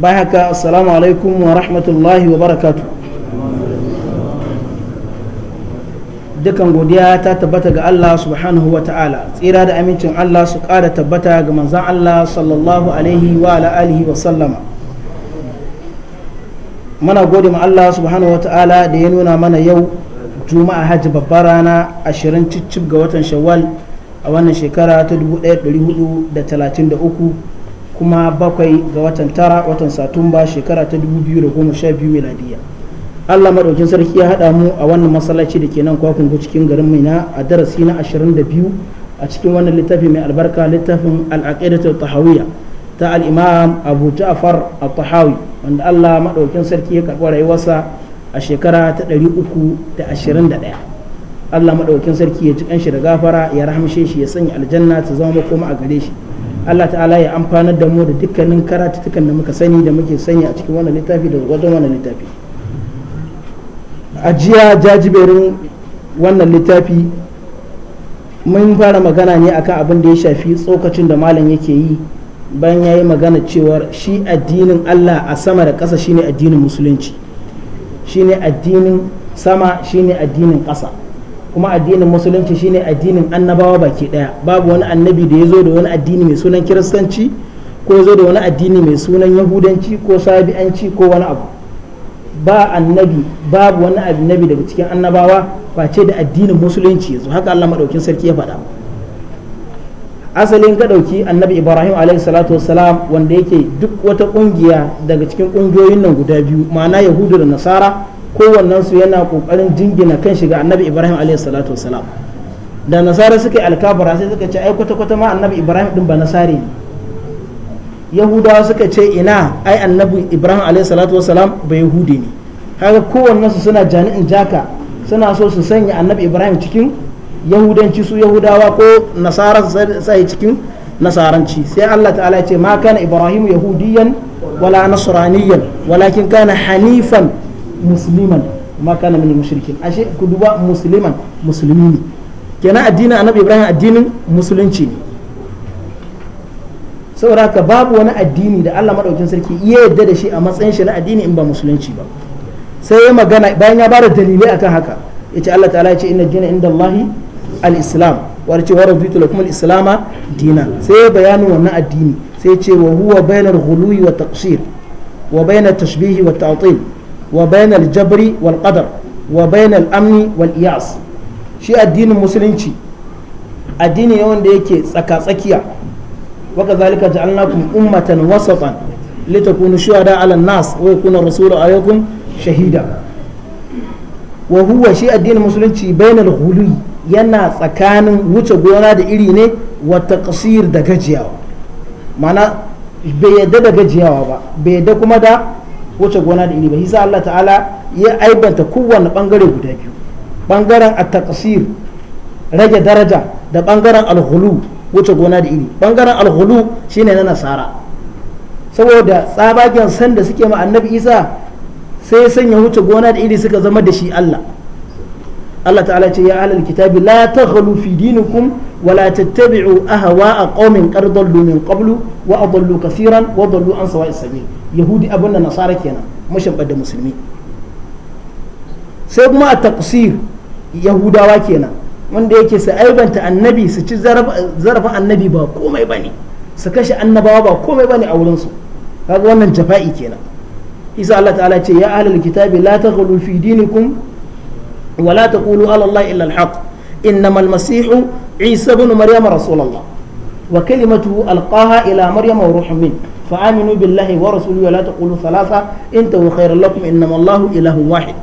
bai haka assalamu alaikum wa rahmatullahi wa barakatu dukan godiya ta tabbata ga Allah subhanahu wa ta'ala tsira da amincin Allah su ƙara tabbata ga manzan Allah sallallahu alaihi wa alihi wa sallama mana gode ma Allah subhanahu wa ta'ala da ya nuna mana yau juma'a hajji babbar rana ashirin cicci ga watan shawwal a wannan shekara ta 1433 kuma bakwai ga watan tara watan satumba shekara ta 2012 miladiya Allah maɗaukin sarki ya haɗa mu a wannan masallaci da ke nan kwakungu cikin garin maina a darasi na 22 a cikin wannan littafi mai albarka littafin al tahawiyya ta al-imam Abu Ja'far at-Tahawi wanda Allah maɗaukin sarki ya karɓi rayuwarsa a shekara ta 321 Allah maɗaukin sarki ya ji kanshi da gafara ya rahamshe shi ya sanya aljanna ta zama makoma a gare shi Allah ta'ala ya amfanar da mu da dukkanin karatutukan da muka sani da muke sani a cikin wannan littafi da wajen wannan littafi Ajiya jajiberin wannan littafi mun fara magana ne akan abin da ya shafi tsokacin da malam yake yi bayan ya yi magana cewa shi addinin Allah a sama da ƙasa shine addinin musulunci shine addinin sama shine addinin ƙasa kuma addinin musulunci shine addinin annabawa baki daya babu wani annabi da ya zo da wani addini mai sunan kiristanci ko ya zo da wani addini mai sunan yahudanci ko sabi'anci ko wani abu ba annabi babu wani annabi daga cikin annabawa ba ce da addinin musulunci yanzu haka Allah madaukin sarki ya faɗa asalin ka ɗauki annabi ibrahim alaihi salatu wassalam wanda yake duk wata kungiya daga cikin ƙungiyoyin nan guda biyu ma'ana yahudu da nasara kowannensu yana kokarin jingina kan shiga annabi ibrahim alaihi salatu wasalam da nasara suka yi alkabara sai suka ce ai kwata kwata ma annabi ibrahim din ba nasari ne yahudawa suka ce ina ai annabi ibrahim alaihi salatu wasalam ba yahudi ne kaga kowannensu suna jani'in jaka suna so su sanya annabi ibrahim cikin yahudanci su yahudawa ko nasara su sai cikin nasaranci sai Allah ta'ala ya ce ma kana ibrahim yahudiyan wala nasraniyan walakin kana hanifan musliman ma kana min mushrikin ashe ku duba musliman ne kenan addinin annabi ibrahim musulunci ne saboda haka babu wani addini da Allah madaukin sarki iya yadda da shi a matsayin shi na addini in ba musulunci ba sai ya magana bayan ya bada dalilai akan haka yace Allah ta'ala yace inna dina inda Allahi al-islam wa yace wa raditu lakum al islama dina sai ya bayani wannan addini sai ya ce wa huwa bainal ghuluwi wa taqsir wa bainat tashbihi wa ta'til وبين الجبر والقدر وبين الأمن والإياس شيء الدين المسلمي الدين يوم ديكي سكا سكيا وكذلك جعلناكم أمة وسطا لتكونوا شهداء على الناس ويكون الرسول عليكم شهيدا وهو شيء الدين المسلمي بين الغلو yana tsakanin wuce gona da iri ne wata kasir da gajiyawa mana bai yadda da gajiyawa ba bai yadda kuma da wuce gona da iri ba Allah ta'ala ya aibanta kowane bangare guda biyu bangaren at-taqsir rage daraja da bangaren al-ghulu wuce gona da iri bangaren al-ghulu shine na nasara saboda tsabagen san da suke ma annabi Isa sai sanya wuce gona da iri suka zama da shi Allah Allah ta'ala ce ya ahlal kitabi la taghlu fi dinikum wa la tattabi'u ahwa'a qaumin qad dallu min qablu wa adallu kaseeran wa dallu an sawa'is sabil yahudi abin da nasara kenan mashabar da musulmi sai kuma a taqsir yahudawa kenan wanda yake su aibanta annabi su ci zarafin annabi ba komai ba ne su kashe annabawa ba komai ba ne a wurinsu kaga wannan jafa'i kenan isa Allah ta'ala ce ya ahlal kitabi la taghlu fi dinikum wa la taqulu ala Allah illa al-haq masih isa ibn maryam rasulullah wa kalimatuhu alqaha ila maryam wa فآمنوا بالله ورسوله ولا تقولوا ثلاثة انتهوا خير لكم إنما الله إله واحد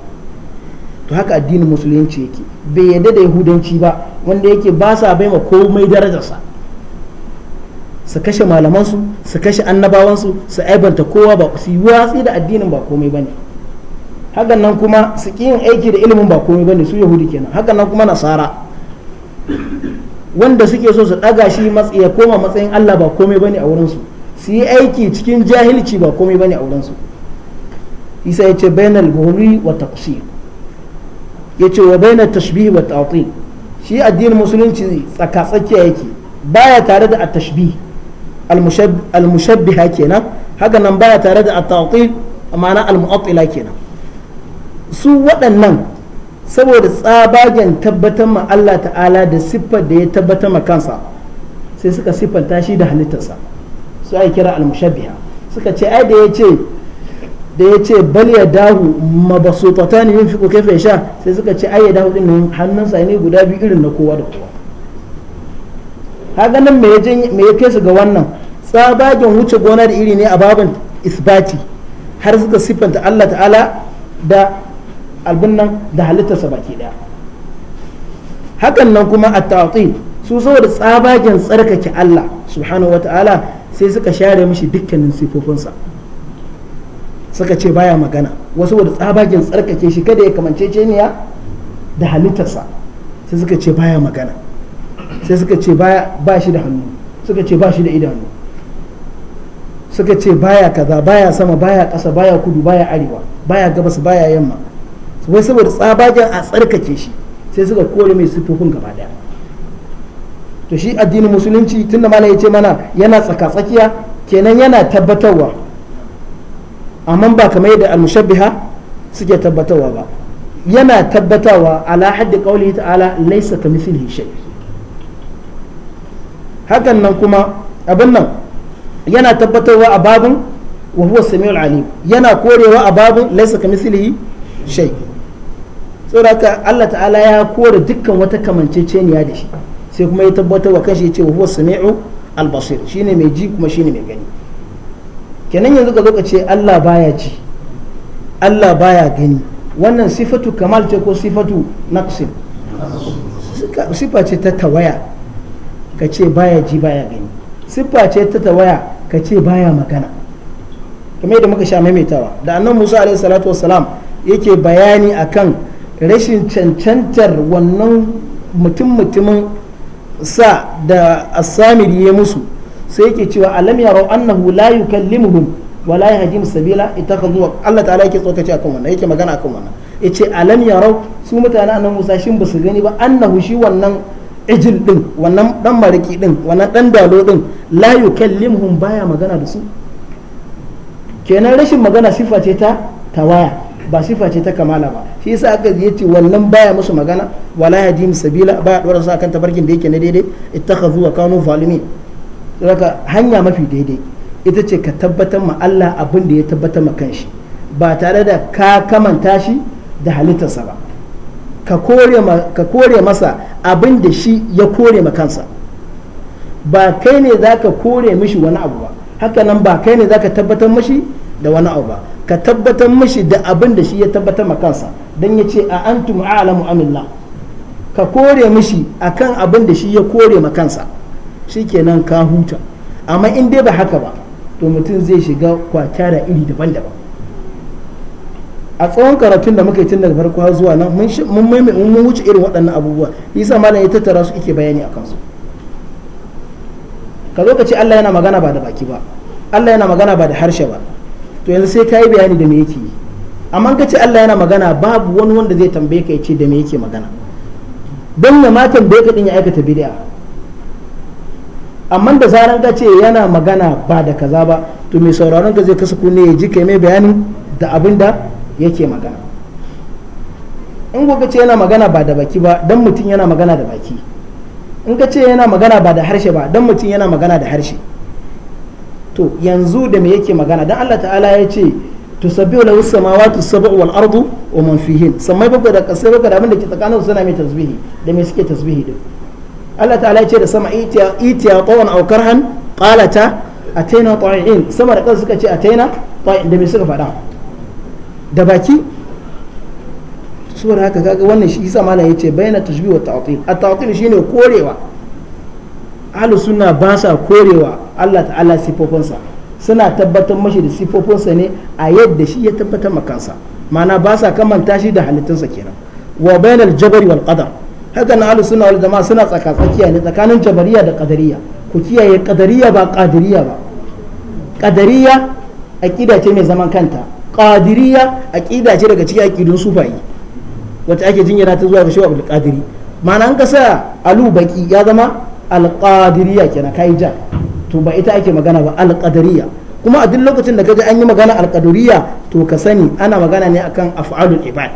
to haka addinin musulunci yake bai yadda da yahudanci ba wanda yake ba sa bai ma komai darajarsa su kashe malamansu su kashe annabawansu su aibanta kowa ba su yi watsi da addinin ba komai bane hakan nan kuma su yin aiki da ilimin ba komai bane su yahudi kenan hakan nan kuma nasara wanda suke so su ɗaga shi ya koma matsayin allah ba komai bane a wurinsu su su yi aiki cikin jahilci ba komai bane wurin su isa ya ce bayan alburi wa taqsir ya ce wa bayan tashbihi wa ta'til shi addinin musulunci tsaka tsakiya yake baya tare da a tashbihi al kenan haka nan baya tare da at a ma'ana al kenan su waɗannan saboda tsabagen tabbatar ma Allah ta'ala da siffar da ya tabbatar ma kansa sai suka siffanta shi da halittarsa sai kira al-mushabbiha suka ce ai da yace da yace bal ya dahu mabasutatan yunfiqu kayfa yasha sai suka ce ai ya dahu din nan sa ne guda biyu irin na kowa da kowa haka nan me ya kai su ga wannan tsabagen wuce gona da iri ne a babin isbati har suka siffanta Allah ta'ala da albin nan da halittarsa baki daya hakan nan kuma a tatil su saboda tsabagen tsarkake Allah subhanahu wa sai suka share mishi dukkanin sifofinsa suka ce baya magana wasu wadda tsabagen tsarkake shi kada ya kamance ceniya da halittarsa sai suka ce baya magana sai suka ce ba shi da hannu suka ce ba shi da idanu suka ce baya kaza baya sama baya kasa baya kudu baya arewa baya gabas baya yamma wai saboda tsabagen a tsarkake shi sai suka kore mai sifofin gaba daya to shi addinin musulunci tunda malam ya ce mana yana tsaka-tsakiya kenan yana tabbatarwa amma ba kamar yadda al-mushabbiha suke tabbatarwa ba yana tabbatarwa ala haddi qawlihi ta'ala laysa kamithlihi shay hakan nan kuma abin nan yana tabbatarwa a babun wa huwa samiul alim yana korewa a babun laysa kamithlihi shay saboda Allah ta'ala ya kore dukkan wata kamanceceniya da shi sai kuma ya tabbatar wa kanshi ya ce huwa sami'u al-basir shine mai ji kuma shine mai gani kenan yanzu ka lokaci ce Allah baya ji Allah baya gani wannan sifatu kamal ce ko sifatu naqsin sifa ce ta tawaya ka ce baya ji baya gani sifa ce ta tawaya ka ce baya magana kamar yadda muka sha maimaitawa da annan musa alaihi salatu wassalam yake bayani akan rashin cancantar wannan mutum mutumin sa da asamir ya musu sai yake cewa alam ya rau annahu la yukallimuhum wa la yahdim sabila itakhadhu Allah ta'ala yake tsokace akan wannan yake magana akan wannan yace alam ya rau su mutane annan Musa shin basu gani ba annahu shi wannan ijil din wannan dan mariki din wannan dan dalo din la yukallimuhum baya magana da su kenan rashin magana sifa ce ta tawaya ba sifa ce ta kamala ba shi yasa aka yace wannan baya musu magana wala jim sabila baya dora su akan tabarkin da yake na daidai ittakhadhu wa kanu zalimin haka hanya mafi daidai ita ce ka tabbatar ma Allah abin da ya tabbatar ma kanshi ba tare da ka kamanta shi da halittarsa ba ka kore masa abin da shi ya kore ma kansa ba kai ne za kore mishi wani abu ba haka nan ba kai ne zaka tabbatar mishi da wani abu ba ka tabbatar mishi da abin da shi ya tabbatar ma kansa don ya ce a antum a'lamu amillah ka kore mishi kan abin da shi ya kore ma kansa nan ka huta amma in dai ba haka ba to mutum zai shiga kwakyara iri daban-daban a tsawon karatun da muka yi tun daga farko zuwa nan mun mun wuce irin waɗannan abubuwa isa malam ya tattara su ike bayani a kansu ka zo ka ce Allah yana magana ba da baki ba Allah yana magana ba da harshe ba to yanzu sai ka yi bayani da me yake yi amma ka ce Allah yana magana babu wani wanda zai tambaye ka ya ce da me yake magana don ya ma tambaye ka din ya aikata bid'a amma da zaran ka ce yana magana ba da kaza ba to mai sauraron ka zai kasa kunne ya ji kai mai bayani da abin da yake magana in ka ce yana magana ba da baki ba dan mutum yana magana da baki in ka ce yana magana ba da harshe ba dan mutum yana magana da harshe to yanzu da me yake magana dan Allah ta'ala ya ce sabbi lahu samawati sab'u wal ardu wa man fihin samai babu da kasai babu da abin da ke tsakanin suna mai tasbihi da me suke tasbihi din Allah ta'ala ya ce da sama itiya itiya qawan aw karhan qalata ataina ta'in sama da kansu suka ce ataina ta'in da me suka faɗa da baki sura haka kaga wannan shi isa mana yace bayna tashbih wa ta'til at-ta'til shine korewa ahlus sunna ba sa korewa Allah ta'ala sifofinsa suna tabbatar mashi da sifofinsa ne a yadda shi ya tabbatar makansa ma'ana ba sa kamanta shi da halittunsa kenan wa bainal jabari wal qadar haka na ahlus sunna wal jama'a suna tsakatsakiya ne tsakanin jabariya da qadariya ku kiyaye qadariya ba qadiriya ba qadariya aqida ce mai zaman kanta qadiriya aqida ce daga cikin aqidun sufayi wata ake jinyara ta zuwa ga shehu abdul qadiri ma'ana an ka sa alu baki ya zama alƙadiriya kenan kai ja to ba ita ake magana ba alƙadariya kuma a duk lokacin da ka ji an yi magana alƙadariya to ka sani ana magana ne akan af'alul ibad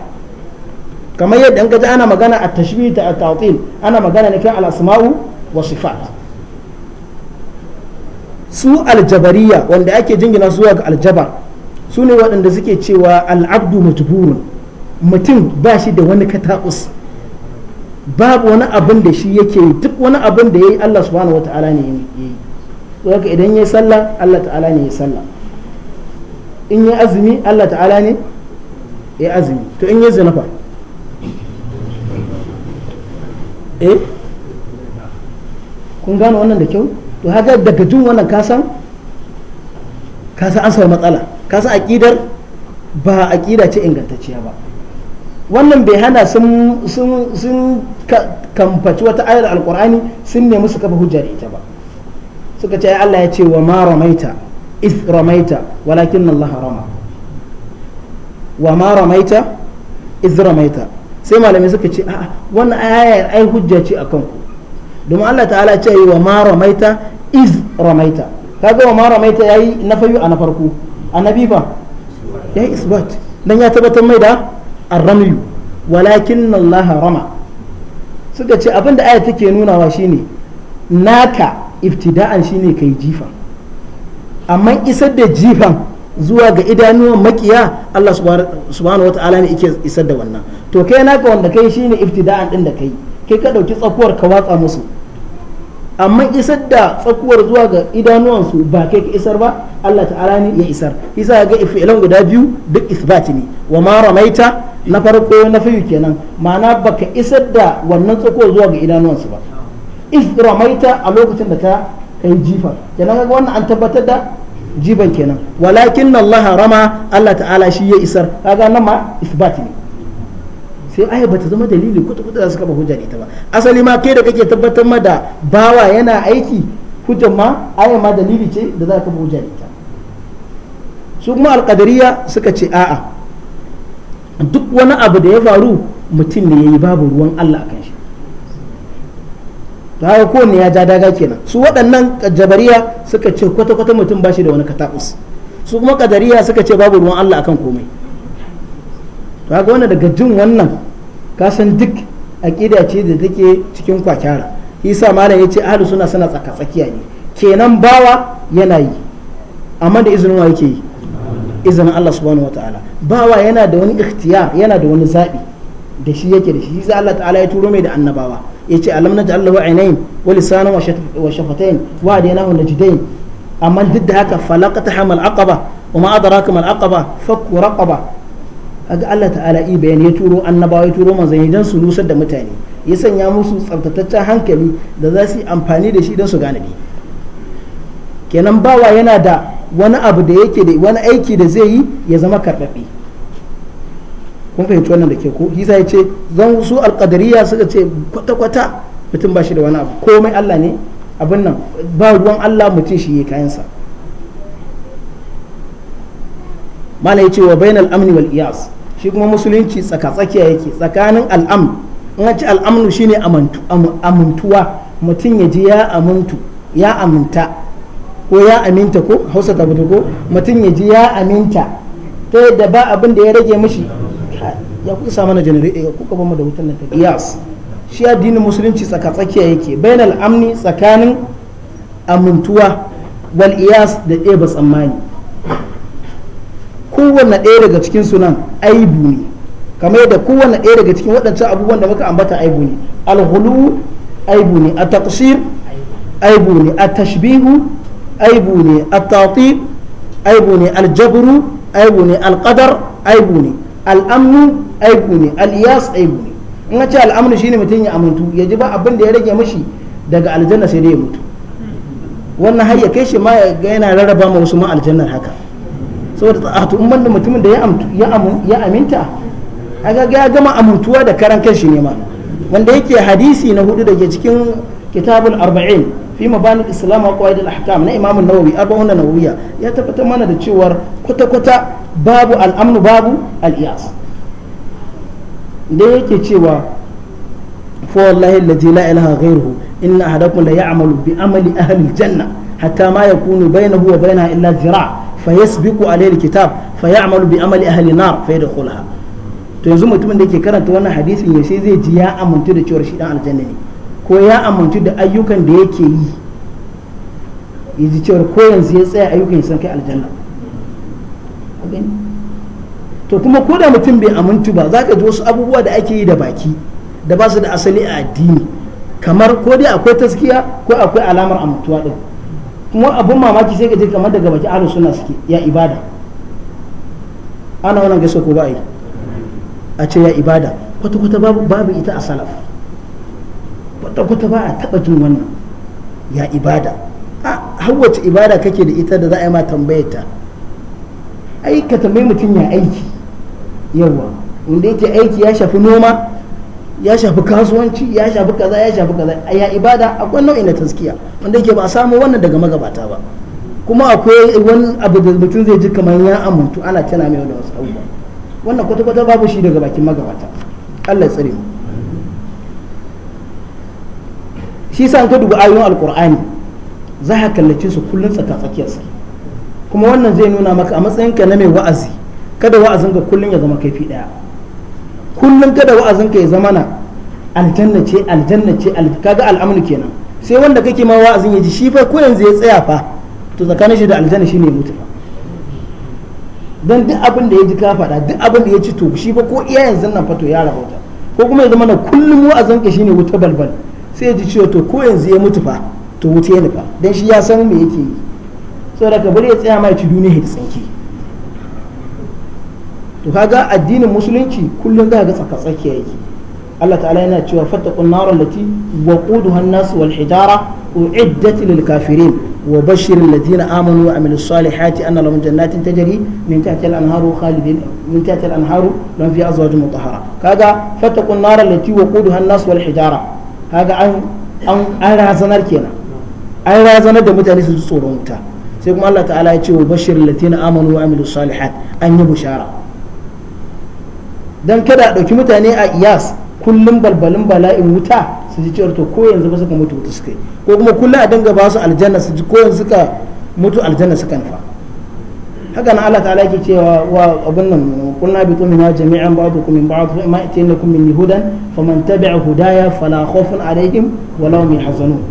kamar yadda ka ji ana magana a tashbih ta ta'til ana magana ne kan al-asma'u wa sifat su aljabariya wanda ake jingina zuwa ga aljabar su ne waɗanda suke cewa al'abdu mutburun mutum ba shi da wani kataus babu wani abin da shi yake yi duk wani abin da ya yi Allah subhanahu wa ta'ala ne ya yi haka idan ya yi sallah Allah ta'ala ne ya sallah in ya azumi Allah ta'ala ne ya azumi to in ya zinafa eh kun gano wannan da kyau to haka daga jin wannan kasan kasan an samu matsala kasan aƙidar ba aƙida ce ingantacciya ba wannan bai hana sun kamfaci wata ayar alkur'ani sun nemi su kafa hujjar ita ba suka ce Allah ya ce wa ma ramaita is ramaita walakin Allah rama wa ma ramaita is ramaita sai malamai suka ce a wannan ayar ai hujja ce a kanku domin Allah ta'ala ce wa ma ramaita is ramaita kaga wa ma ramaita yayi nafayu a na farko annabi fa yayi isbat dan ya tabbatar mai da الرمي ولكن walakin رمى suka ce abin da aya take nunawa shine naka ibtida'an shine kai jifa amma isar da jifan zuwa ga idanuwan makiya Allah subhanahu wata'ala ne yake isar da wannan to kai naka wanda kai shine iftida'an din da kai kai ka dauki tsakuwar ka watsa musu amma isar da tsakuwar zuwa ga idanuwan su ba kai ka isar ba Allah ta'ala ne ya isar isa ga ifilan guda biyu duk isbatini wa ma ramaita na farko na fiye kenan ma'ana baka isar da wannan tsako zuwa ga idanuwansu ba if ramaita a lokacin da ta kai jifa kenan ga wannan an tabbatar da jiban kenan walakin Allah rama Allah ta'ala shi ya isar kaga nan ma isbat ne sai aya bata zama dalili kuta kuta za su kaba hujja ita ba asali ma kai da kake tabbatar ma da bawa yana aiki hujjar ma aya ma dalili ce da za ka kaba hujja ita su kuma alqadariya suka ce a'a duk wani abu da ya faru mutum ne ya yi babu ruwan Allah a kan shi ta kowanne ya ja daga kenan su waɗannan jabariya suka ce kwata-kwata mutum ba shi da wani katakus su kuma kadariya suka ce babu ruwan Allah a kan komai to ga wanda daga jin wannan kasan duk aƙida ce da take cikin kwakyara isa malam ya ce ahalu suna suna tsaka tsakiya ne kenan bawa yana yi amma da izinin wa yake yi izinin Allah subhanahu wataala bawa yana da wani ikhtiyar yana da wani zaɓi da shi yake da shi sai Allah ta'ala ya turo mai da annabawa ya ce alam naj'al lahu ainayn wa lisanan wa shafatayn wa hadaynahu jidai amma duk da haka falaqata hamal aqaba wa ma adraka mal aqaba fakku raqaba ga Allah ta'ala i bayani ya turo annabawa ya turo manzanni dan su nusar da mutane ya sanya musu tsaftataccen hankali da za su yi amfani da shi don su gane kenan bawa yana da wani abu da yake da wani aiki da zai yi ya zama karɓaɓɓe kun fahimci wannan da ke ko hisa ya ce zan su alƙadariya suka ce kwata-kwata mutum ba shi da wani abu komai Allah ne abin nan ba ruwan Allah mutum shi ya kayansa mana ya ce wa bainal amni wal iyas shi kuma musulunci tsaka-tsakiya yake tsakanin al'am in an ci al'amnu ne amintuwa mutum ya ji ya amintu ya aminta ko ya aminta ko hausa ta ko mutum ya ji ya aminta ta yadda ba abin da ya rage mashi ya kuka sa mana janare ya kuka ba da wutan nan ta yes shi addinin musulunci tsaka tsakiya yake bainal amni tsakanin amintuwa wal iyas da ba tsammani kowanne ɗaya daga cikin sunan aibu ne kamar yadda kowanne ɗaya daga cikin waɗancan abubuwan da muka ambata aibu ne alhulu aibu ne a taqsir aibu ne a tashbihu aibu ne attati aibu ne aljabru aibu ne alqadar aibu ne al'amnu aibu ne aliyas aibu ne in ce al'amnu shine mutum ya amintu ya ji ba abin da ya rage mashi daga aljanna sai dai ya mutu wannan har ya kai shi ma ga yana rarraba ma wasu ma aljannar haka saboda ta'atu umman da mutumin da ya aminta aga ya gama amintuwa da karan kanshi ne ma wanda yake hadisi na hudu da ke cikin kitabul arba'in fi mabani islam wa qawaid al-ahkam na imam an-nawawi arba'un nawawiya ya tabbatar mana da cewar kwata kwata babu al babu al da yake cewa fa wallahi alladhi la ilaha ghayruhu inna ahadakum la ya'malu bi amali ahli al-janna hatta ma yakunu bainahu wa bainaha illa zira' fayasbiqu alayhi al-kitab fayamalu bi amali ahli an-nar fayadkhulaha to yanzu mutumin da yake karanta wannan hadisin yaushe zai ji ya amintu da cewar shi dan aljanna ne ko ya amintu da ayyukan da yake yi yaji cewar ko yanzu ya tsaya ayyukan san kai aljanna to kuma ko da mutum bai amintu ba za ka ji wasu abubuwa da ake yi da baki da ba su da asali a addini kamar ko dai akwai taskiya ko akwai alamar amintuwa din kuma abun mamaki sai ka je kamar daga baki ahlus sunna suke ya ibada ana wannan gaisa ko ba a yi a ce ya ibada kwata-kwata babu ita a salaf kwata-kwata ba a taɓa jin wannan ya ibada a hawace ibada kake da ita da za a yi ma tambayarta ai ka tambayi mutum ya aiki yawa wanda yake aiki ya shafi noma ya shafi kasuwanci ya shafi kaza ya shafi kaza a ya ibada akwai nau'in na taskiya wanda yake ba a samu wannan daga magabata ba kuma akwai wani abu da mutum zai ji kamar ya amintu ana tana mai wani wasu abubuwa wannan kwata-kwata babu shi daga bakin magabata allah ya tsare mu shi sa an ka duba ayoyin alkur'ani za ka kallace su kullum tsaka tsakiyar su kuma wannan zai nuna maka a matsayin ka na mai wa'azi kada wa'azin ka kullum ya zama kaifi daya kullum kada wa'azin ka ya zama na aljanna ce aljanna ce kaga al'amnu kenan sai wanda kake ma wa'azin ya ji shi fa ko yanzu ya tsaya fa to tsakanin shi da aljanna shine ya mutu dan don duk abin da ya ji ka faɗa duk abin da ya ci to shi fa ko iya yanzu nan to ya rabauta ko kuma ya zama na kullum wa'azin ka shine wuta balbal sai ji cewa to ko yanzu ya mutu fa to wuce ya dan shi ya san me yake yi saboda ka bari ya tsaya mai ci duniya ya tsinki to kaga addinin musulunci kullum za ga tsaka tsakiya yake Allah ta'ala yana cewa fattaqun nar allati waquduha an-nas wal hijara uiddat lil kafirin wa bashir alladhina amanu wa amilus salihati anna lahum jannatin tajri min tahtiha al-anharu khalidin min tahtiha al-anharu lahum fiha azwajun mutahhara kaga fattaqun nar allati waquduha an-nas wal hijara kaga an an razanar kenan an razanar da mutane su ji tsoron wuta sai kuma Allah ta'ala ya ce wa bashir latina amanu wa amilu salihat an yi bushara dan kada a ɗauki mutane a iyas kullum balbalin bala'in wuta su ji cewar to ko yanzu ba suka mutu wuta suka yi ko kuma kullum a dinga ba su aljanna su ji ko yanzu suka mutu aljanna suka nufa haka nan Allah ta'ala yake cewa wa abin nan kunna bi tumina jami'an ba'dukum min ba'd fa ma itinakum min fa faman tabi'a hudaya fala khawfun alaihim wa lahum yahzanun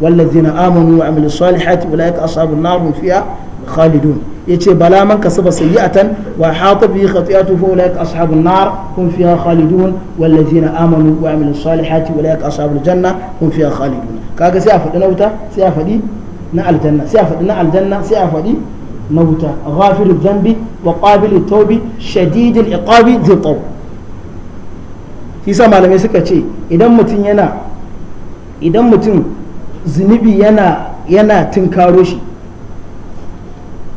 wallazina amanu wa amilus salihati ulaika ashabun nar fiha khalidun yace bala man kasaba sayyi'atan wa hata bi khati'atu fa ulaika ashabun nar hum fiha khalidun wallazina amanu wa amilus salihati ulaika ashabul janna hum fiha khalidun kaga sai a faɗi na wuta sai a faɗi na aljanna sai a faɗi na aljanna sai a faɗi na wuta ghafiru dhanbi wa qabilu tawbi shadidul iqabi dhi taw sa malamai suka ce idan mutum yana idan mutum zunubi yana yana tunkaro shi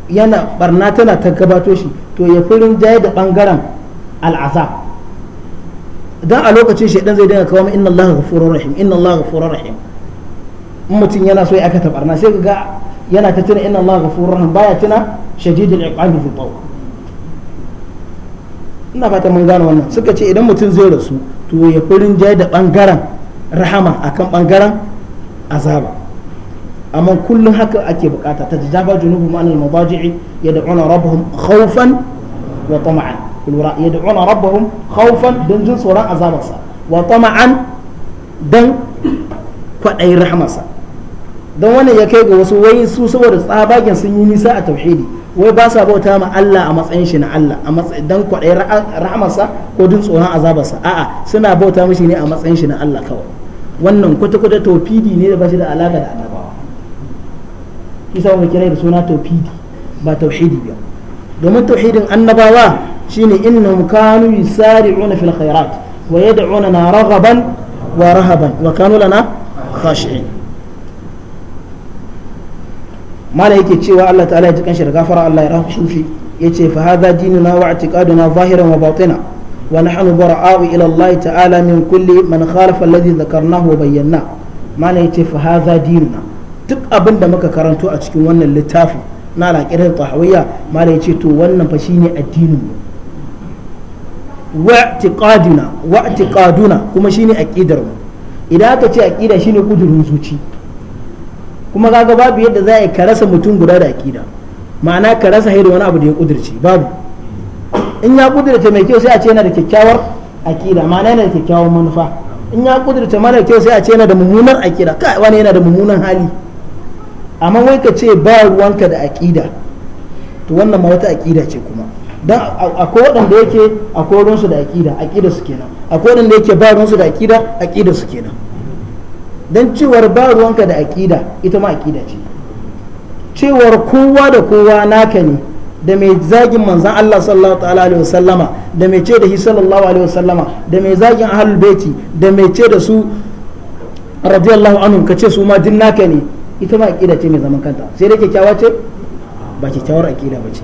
yana barna tana ta shi to ya fi jaye da bangaren al'azab dan a lokacin shaidan zai dinga kawo inna allaha ghafurur rahim inna allaha ghafurur rahim in mutum yana so ya aka tabarna sai ga yana ta tuna inna Allah ghafurur rahim baya tuna shadidul iqabi fi tawb ina fata mun gane wannan suka ce idan mutum zai rasu to ya furin jaya da bangaren rahama akan bangaren azaba amma kullum haka ake bukata ta jaba junubu ma'an al madaji'i yad'una rabbahum khawfan wa tama'an kulura yad'una rabbahum khawfan dan jin tsoron azabarsa wa tama'an dan kwadai rahamarsa don wannan ya kai ga wasu wai su saboda tsabagen sun yi nisa a tauhidi wai ba sa bauta ma Allah a matsayin shi na Allah a matsayin dan kwaɗayi rahamarsa ko din tsoron azabarsa a'a suna bauta mishi ne a matsayin shi na Allah kawai wannan kwata-kwata tofidi ne da ba shi da alaka da annabawa kisa wani kira da suna tofidi ba tauhidi ba domin tauhidin annabawa shine innahum kanu yusari'una fil khairat wa yad'una raghaban wa rahaban wa kanu lana khashi'in mala yake cewa Allah ta'ala ya jikan shi da gafara Allah ya rahmu ya yace fa hadha dinuna wa i'tiqaduna zahiran wa batina wa nahnu bara'u ila Allah ta'ala min kulli man khalafa alladhi dhakarnahu wa bayyana mala yace fa hadha dinuna duk abin da muka karanto a cikin wannan littafi na alaƙirar tahawiyya mala yace to wannan fa shine addinin mu wa i'tiqaduna wa i'tiqaduna kuma shine aqidar mu idan aka ce aqida shine kudurin zuci kuma kaga babu yadda za a ka rasa mutum guda da akida ma'ana ka rasa wani abu da ya kudirce babu in ya kudirce mai kyau sai a ce yana da kyakkyawar akida ma'ana yana da kyakkyawar manufa in ya kudirce mara kyau sai a ce yana da mummunar akida kai wani yana da mummunan hali amma wai ka ce ba ruwanka da akida to wannan ma wata akida ce kuma dan akwai waɗanda yake akwai ruwansu da akida akida su kenan akwai waɗanda yake ba ruwansu da akida akida su kenan don cewar ba ruwanka da aƙida ita ma aƙida ce cewar kowa da kowa naka ne da mai zagin manzan Allah sallallahu ta'ala alaihi wasallama da mai ce da shi sallallahu alaihi wasallama da mai zagin ahlul baiti da mai ce da su radiyallahu anhu ka ce su ma din naka ne ita ma aƙida ce mai zaman kanta sai dai kyakkyawa ce ba kyakkyawar aƙida ba ce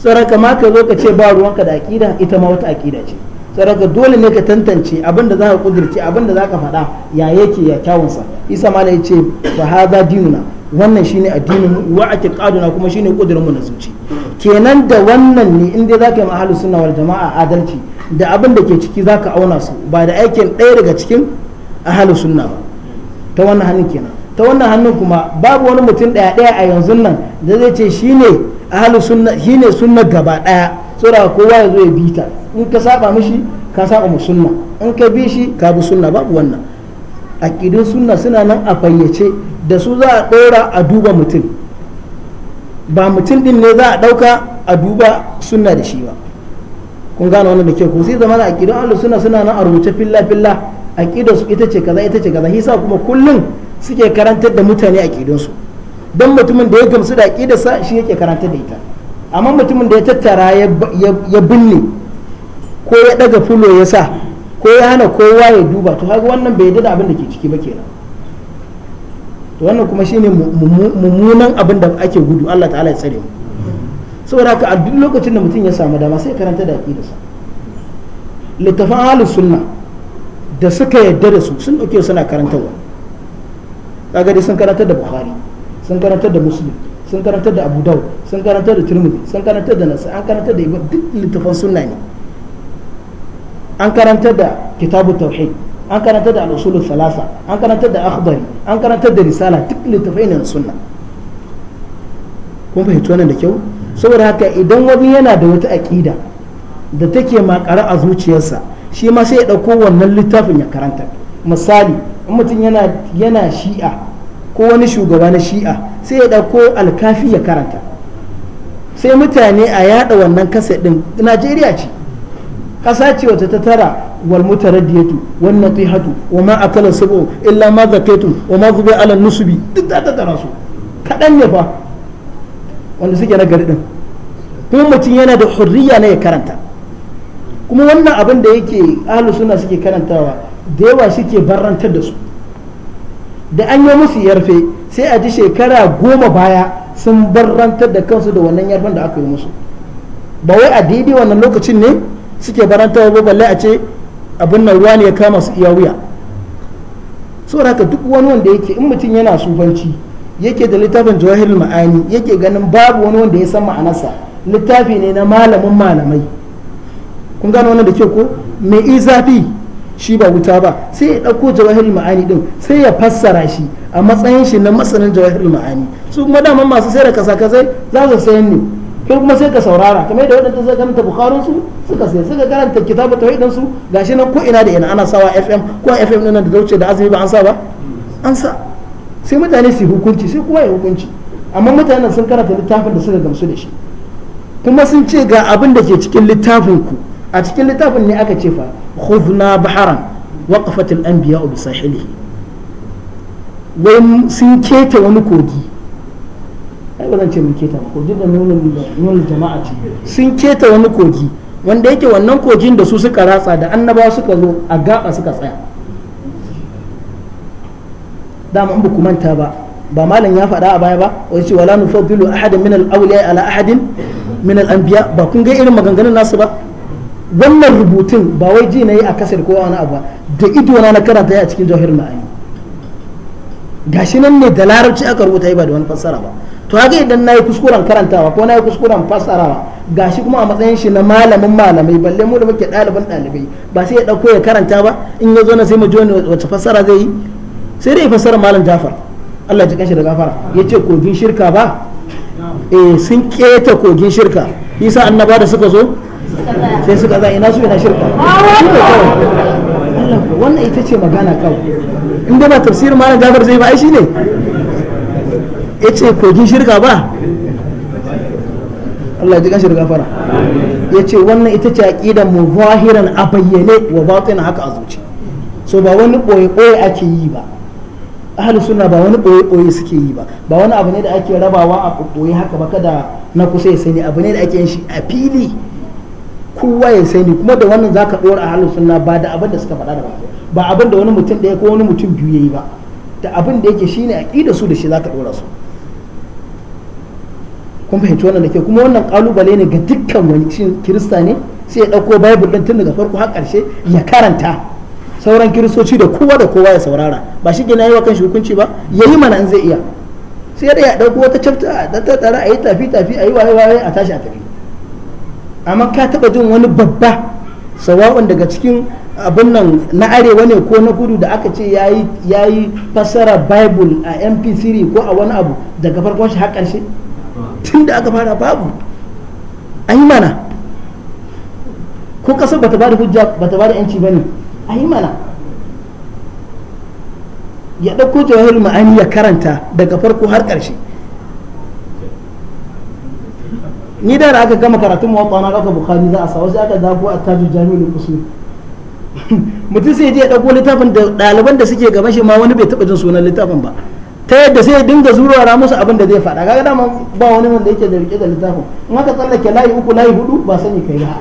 tsara kama ka zo ka ce ba ruwanka da aƙida ita ma wata aƙida ce saraka dole ne ka tantance abin da za ka kudirce abin da za ka faɗa ya yake ya kyawunsa isa ma ya ce ba ha za dinuna wannan shine addinin wa atiqaduna kuma shine ne na zuci kenan da wannan ne inda dai zaka yi mahalu suna wal jama'a adalci da abin da ke ciki zaka auna su ba da aikin ɗaya daga cikin ahalu sunna ba ta wannan hannun ta wannan hannun kuma babu wani mutum ɗaya ɗaya a yanzu nan da zai ce shine ahlu sunna ne sunna gaba daya tsura kowa ya zo ya bi ta in ka saba mishi ka saba mu sunna in ka bi shi ka bi sunna babu wannan aqidun sunna suna nan a fayyace da su za a ɗora a duba mutum ba mutum din ne za a ɗauka a duba sunna da shi ba kun gane wannan da ke ku sai zama aqidun ahlus sunna suna nan a rubuce filla filla aqidar su ita ce kaza ita ce kaza hisa kuma kullum suke karantar da mutane aqidun su don mutumin da ya gamsu da da sa shi yake karanta da ita amma mutumin da ya tattara ya binne ko ya daga fulo ya sa ko ya hana kowa ya duba to haka wannan bai da abin da ke ciki ba kenan to wannan kuma shine mummunan abin da ake gudu Allah ta'ala ya tsare mu saboda haka a duk lokacin da mutum ya samu dama sai karanta da aqidarsa littafan halin sunna da suka yarda da su sun dauke suna karantarwa kaga dai sun karanta da buhari sun karantar da muslim sun karantar da abu daud sun karantar da turmi sun karantar da nasa an karantar da duk littafan sunna ne an karantar da kitabu tauhid an karantar da al'usulun salasa an karantar da akhdari an karantar da risala duk littafai ne suna sunna kun fahimci wannan da kyau saboda haka idan wani yana da wata aqida da take makara a zuciyarsa shi ma sai ya dauko wannan littafin ya karanta misali in mutum yana yana shi'a ko wani shugaba na shi'a sai ya ɗauko alkafi ya karanta sai mutane a yada wannan kasa ɗin najeriya ce kasa ce wata ta tara wal mutaraddiyatu wan natihatu wa ma akala sabu illa ma zakaitu wa ma zubi ala nusubi duk da ta tara su kadan ne fa wanda suke na gari ɗin kuma mutum yana da hurriya na ya karanta kuma wannan abin da yake ahlus sunna suke karantawa da yawa suke barantar da su da an yi musu yarfe sai a ji shekara goma baya sun barantar da kansu da wannan yarfen da aka yi musu ba wai a daidai wannan lokacin ne suke barantar ba balle a ce abin nan ruwa ne ya kama su iya wuya so haka duk wani wanda yake in mutum yana sufanci yake da littafin jawahirul ma'ani yake ganin babu wani wanda ya san ma'anarsa littafi ne na malamin malamai kun gano wannan da kyau ko mai izafi shi ba wuta ba sai ya ɗauko jawahirul ma'ani din sai ya fassara shi a matsayin shi na masanin jawahirul ma'ani su kuma daman masu sai da kasakasai za su sayan ne kai kuma sai ka saurara kamar yadda waɗanda suka karanta bukharun su suka sai suka karanta kitabu tauhidin su gashi nan ko ina da ina ana sawa fm ko fm nan da dauce da azumi ba an sa ba an sa sai mutane su hukunci sai kowa ya hukunci amma mutanen sun karanta littafin da suka gamsu da shi kuma sun ce ga abin da ke cikin littafin ku a cikin littafin ne aka ce fa khuzna baharan waqafat al-anbiya bi sahilihi wai sun keta wani kogi ai ba zan ce mun keta kogi da nuna jama'a ce sun keta wani kogi wanda yake wannan kogin da su suka ratsa da annabawa suka zo a gaba suka tsaya dama ba ku manta ba ba malam ya faɗa a baya ba wai ce wala nufaddilu ahadin min al-awliya ala ahadin min al-anbiya ba kun ga irin maganganun nasu ba wannan rubutun ba wai ji na yi a kasar ko wani abu da idona na karanta a cikin jawahir ma'ani gashi nan ne da larabci aka rubuta yi ba da wani fassara ba to haka idan na yi kuskuren karantawa ko na yi kuskuren fassarawa gashi kuma a matsayin shi na malamin malamai balle mu da muke ɗaliban ɗalibai ba sai ya ɗauko ya karanta ba in ya zo na sai mu ji wacce fassara zai yi sai dai fassara malam jafar Allah ji kanshi da gafara ya ce kogin shirka ba eh sun keta kogin shirka yasa annaba da suka zo sai suka za ina su ina shirka wannan ita ce magana kawai in ba tafsirin na jafar zai ba aishi ne ya ce kogin shirka ba Allah ya ji gashi daga fara ya ce wannan ita ce aƙidan mu zahiran a bayyane wa batin haka a zuci so ba wani ɓoye-ɓoye ake yi ba ahli suna ba wani ɓoye-ɓoye suke yi ba ba wani abu ne da ake rabawa a ɓoye haka ba kada na kusa ya sani abu ne da ake yin shi a fili kowa ya sani kuma da wannan zaka dora halin sunna ba da abin da suka faɗa da baki ba abin da wani mutum ɗaya ko wani mutum biyu yayi ba da abin da yake shine aqida su da shi zaka dora su kun fahimci wannan da ke kuma wannan kalubale ne ga dukkan wani shi kirista ne sai ya ɗauko bible ɗin tun daga farko har ƙarshe ya karanta sauran kiristoci da kowa da kowa ya saurara ba shi ke na yi wa kan shukunci hukunci ba ya yi mana in zai iya sai ya ɗauko wata chapter da ta tara a yi tafi tafi a yi waye waye a tashi a tafi amma ka taba jin wani babba sawa'un daga cikin abin nan na arewa ne ko na kudu da aka ce ya yi fassara bible a mp3 ko a wani abu daga farkon shi har shi tun da aka fara babu a yi mana ko kasar bata ba da hujja bata ba da yanci ba ne a yi mana ya ɗauko jawahir ma'ani ya karanta daga farko har ƙarshe ni da aka gama karatun muwatta na ɗauka bukhari za a sa wasu aka zago a tajin jami'ul usul mutum sai je ya ɗauko littafin da ɗaliban da suke gaban shi ma wani bai taɓa jin sunan littafin ba ta yadda sai ya dinga ra musu abin da zai faɗa kaga dama ba wani wanda yake da rike da littafin in aka tsallake layi uku layi hudu ba sani kai ba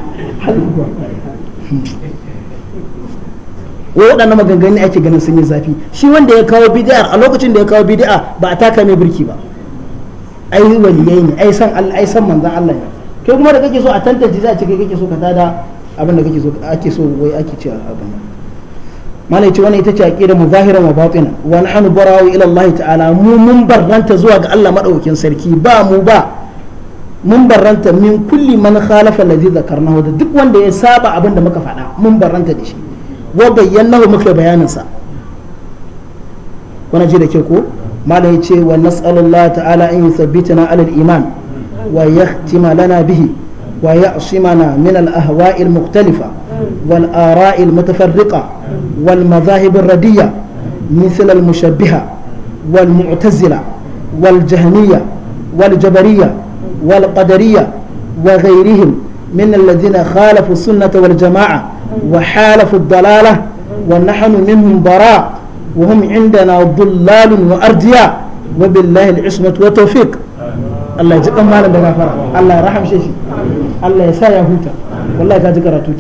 wai waɗannan maganganu ake ganin sun yi zafi shi wanda ya kawo bid'a a lokacin da ya kawo bid'a ba a taka mai birki ba ai waliyai ne ai san Allah ai san manzon Allah ne kai kuma da kake so a tantance za a ce kai kake so ka tada abin da kake so ake so wai ake ce abin malai ce wannan ita ce aqida mu zahira wa batina wa nahnu barawu ila Allah ta'ala mu mun barranta zuwa ga Allah madaukin sarki ba mu ba mun barranta min kulli man khalafa allazi zakarnahu da duk wanda ya saba abin da muka faɗa mun barranta da shi wa bayyana muka bayanin sa wannan ji da ke ko malam yace wa nas'alullah ta'ala an yuthabbitana ala al-iman wa yahtima lana bihi wa ya'simana min al-ahwa'i al-mukhtalifa wal ara'i al-mutafarriqa wal madhahib ar-radiyya مثل المشبهة والمعتزلة والجهمية والجبرية والقدرية وغيرهم من الذين خالفوا السنة والجماعة وحالفوا الضلالة ونحن منهم براء وهم عندنا ضلال وأرجياء وبالله العصمة والتوفيق الله يجزاك مالا بغفرة الله يرحم شيء الله يسا يا هوتا والله كاجي كراتو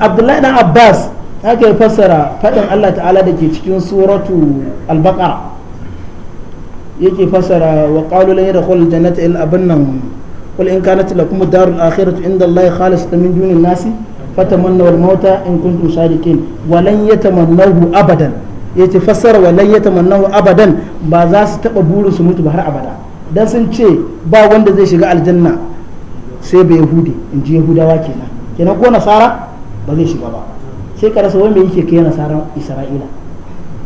abbas ya faɗa fassara faɗin allah ta'ala da ke cikin suratu al yake fasara wa qalu lan yadkhul jannata illa abannan qul in kanat lakum darul akhiratu inda allahi khalisatan min dunin nasi fatamannaw al mauta in kuntum sadiqin wa lan yatamannahu abadan yace fasara wa lan yatamannahu abadan ba za su taba burin su mutu ba har abada dan sun ce ba wanda zai shiga aljanna sai bai yahudi in ji yahudawa kenan kenan ko nasara ba zai shiga ba sai ka rasa wai me yake kai nasara isra'ila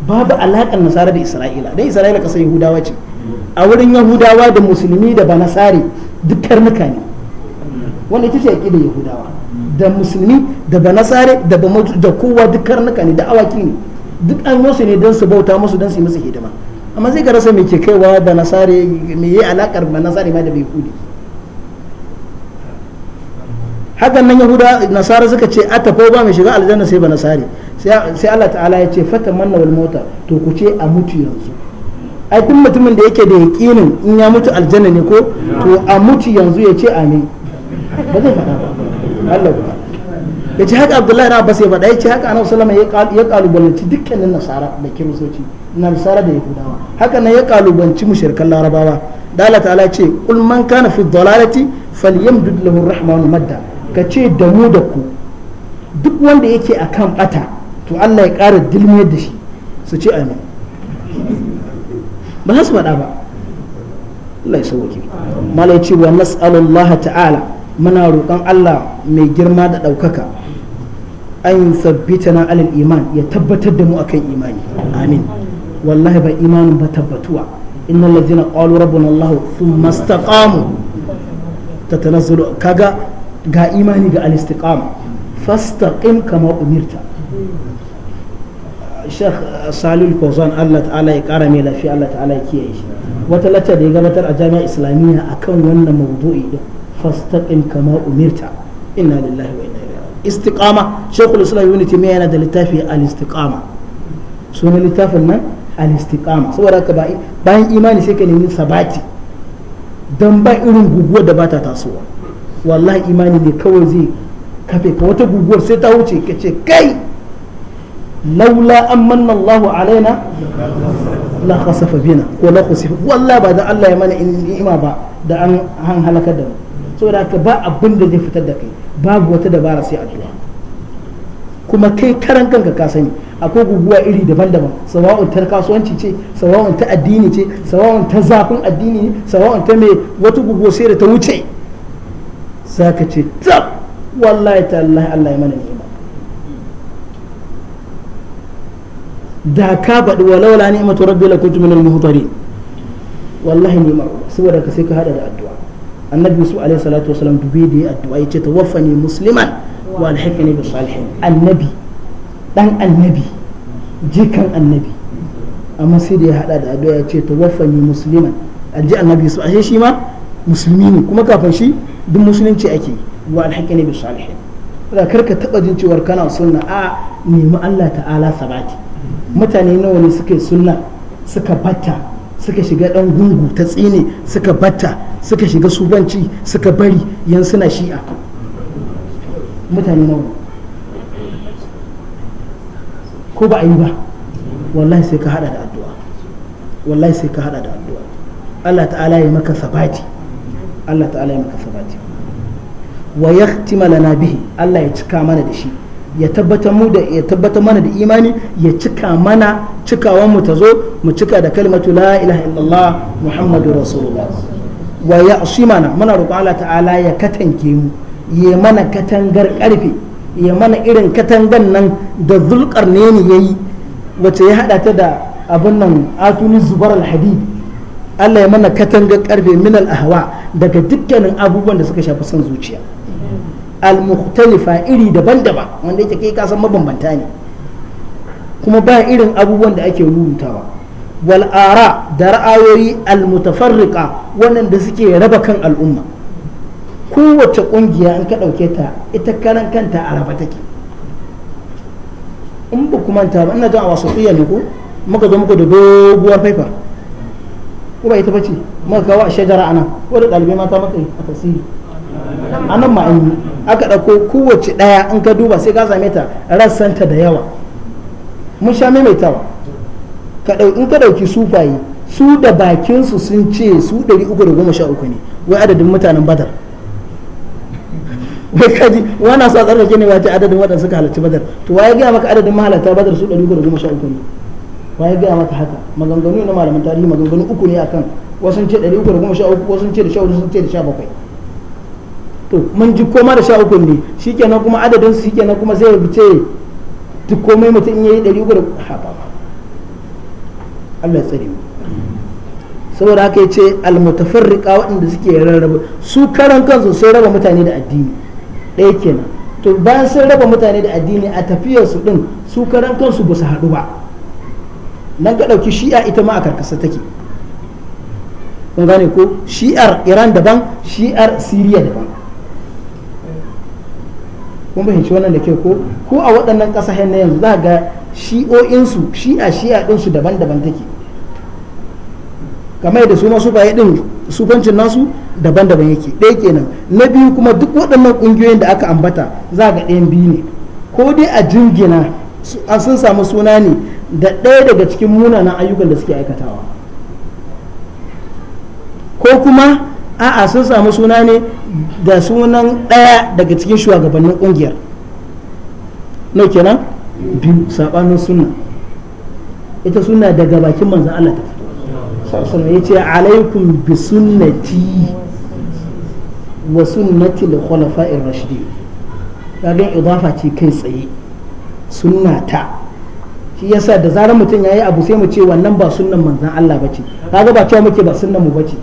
babu alaƙar nasara da isra'ila dai isra'ila ƙasar yahudawa ce a wurin yahudawa da musulmi da banasari duk karnuka ne wanda ita ce aƙidar yahudawa da musulmi da banasari da da kowa duk karnuka ne da awaki ne duk an musu ne don su bauta musu don su yi musu hidima amma zai ka rasa mai ke kaiwa nasari mai yi alakar banasari ma da bai kudi hakan nan yahuda nasara suka ce a tafau ba mai shiga aljanna sai ba nasari sai allah ta'ala ya ce fata manna wal mota to ku ce a mutu yanzu ai duk mutumin da yake da yaƙinin in ya mutu aljanna ne ko to a mutu yanzu ya ce amin ba zai faɗa ba Allah ba ya ce haka abdullahi na abbas ya faɗa ya ce haka annabi sallama ya kalubalanci dukkanin nasara da na nasara da yahudawa haka nan ya kalubalanci mushrikan larabawa da Allah ta'ala ce kul man kana fi dhalalati falyamdud lahu ar-rahman madda ka ce da mu da ku duk wanda yake akan bata to Allah ya ƙara dilmiyar da shi su ce amin ba za su faɗa ba Allah ya sauke malai ce wa nas'alullah ta'ala muna roƙon Allah mai girma da ɗaukaka an yi sabbita na alal iman ya tabbatar da mu akan imani amin wallahi ba imanin ba tabbatuwa innal ladzina qalu rabbuna Allah thumma istaqamu tatanazzalu kaga ga imani ga al-istiqama fastaqim kama umirta shekh salil fauzan allah ta'ala ya kara mai lafiya allah ta'ala ya kiyaye shi wata lacca da ya gabatar a jami'a islamiyya akan wannan mawdu'i din fastaqim kama umirta inna lillahi wa inna ilaihi istiqama shekul islam ibn taymiya yana da littafi al istiqama sunan littafin nan al istiqama saboda haka bayan imani sai ka nemi sabati dan ba irin guguwar da bata tasowa wallahi imani ne kawai zai kafe ka wata guguwar sai ta wuce ka ce kai laula an manna alaina la khasafa bina ko la khusifa wallahi ba da Allah ya mana ni'ima ba da an han halakar da mu ba abinda zai fitar da kai babu wata dabara sai adu'a kuma kai karan kanka ka sani akwai guguwa iri daban-daban sawa'un ta kasuwanci ce sawa'un ta addini ce sawa'un ta zafin addini ne sawa'un ta mai wata guguwa sai da ta wuce zaka ce tab ta Allah Allah ya mana da ka faɗi walau la ni'matu rabbi la kuntu minal muhtari wallahi ni ma saboda ka sai ka hada da addu'a annabi su alaihi salatu wasalam dubi da ya addu'a yace tawaffani musliman wa alhiqni bis salihin annabi dan annabi jikan annabi amma sai da ya hada da addu'a yace tawaffani musliman an ji annabi su ashe shi ma musulmi ne kuma kafin shi duk musulunci ake wa alhiqni bis salihin da ka taba jin cewar kana sunna a nemi Allah ta'ala sabati mutane nawa ne suka yi sunna suka batta suka shiga dan gungu ta tsine suka batta suka shiga subanci suka bari yan suna shi'a mutane nawa ko ba a yi ba wallahi sai ka hada da addu'a wallahi sai ka hada da addu'a Allah ta'ala ya maka sabati Allah ta'ala ya maka sabati wa yaktima lana bihi Allah ya cika mana da shi ya tabbatar mu tabbatar mana da imani ya cika mana cikawan mu ta zo mu cika da kalmatu la ilaha illallah muhammadu rasulullah wa ya mana muna roƙon Allah ta'ala ya katange mu ya mana katangar karfe ya mana irin katangar nan da zulkar ne ne yayi wace ya hada ta da abun nan atuni zubar alhadid Allah ya mana katangar karfe min al ahwa daga dukkanin abubuwan da suka shafi son zuciya al-mukhtalifa iri daban-daban wanda yake kai kasan mabambanta ne kuma ba irin abubuwan da ake rubutawa wal ara da ra'ayoyi al-mutafarriqa da suke raba kan al'umma kowace ƙungiya in ka ɗauke ta ita karan kanta a raba take in ba kuma ta ba ina jan a wasu ne ko muka zo muka da doguwar paper ko ba ita bace muka kawo a shajara ana ko da ɗalibai mata maka a tasiri a nan ma yi aka ɗauko kowace ɗaya in ka duba sai ka same ta rassanta da yawa mun sha maimaitawa in ka ɗauki sufaye su da bakinsu sun ce su 313 ne wai adadin mutanen badar wai kaji wana su a tsarkake ne wace adadin waɗanda suka halarci badar to waye gaya maka adadin mahalarta badar su 313 ne waye gaya maka haka maganganu na malamin tarihi maganganu uku ne akan wasu ce 313 wasu ce da sha sun ce da sha bakwai. to mun ji koma da sha uku ne shikenan kuma adadin su shikenan kuma sai ya ce duk komai mutum yayi ɗari uku da haba Allah ya tsare mu saboda haka ya ce almutafarriqa waɗanda suke rarraba su karan kansu sun raba mutane da addini ɗaya kenan to bayan sun raba mutane da addini a tafiyar su ɗin su karan kansu ba su haɗu ba nan ka ɗauki shi'a ita ma a karkasa take kun gane ko shi'ar iran daban shi'ar siriya daban kun fahimci wannan da kyau ko ko a waɗannan ƙasashen na yanzu za ga shi'o'insu shi'a shi'a su daban-daban take kamar da su masu baya ɗin sufancin nasu daban-daban yake ɗaya kenan na biyu kuma duk waɗannan ƙungiyoyin da aka ambata za ga ɗayan biyu ne ko dai a jingina an sun samu suna ne da ɗaya daga cikin munanan ayyukan da suke aikatawa ko kuma a'a sun samu suna ne da sunan ɗaya daga cikin shugabannin ƙungiyar no kenan biyu saɓanin suna ita suna daga bakin manzan Allah ta fito ya ce alaikum bi sunnati wa sunnati da khulafa'ir rashidi kagan idafa ce kai tsaye sunnata shi yasa da zarar mutum yayi abu sai mu ce wannan ba sunnan manzan Allah bace kaga ba cewa muke ba sunnan mu bace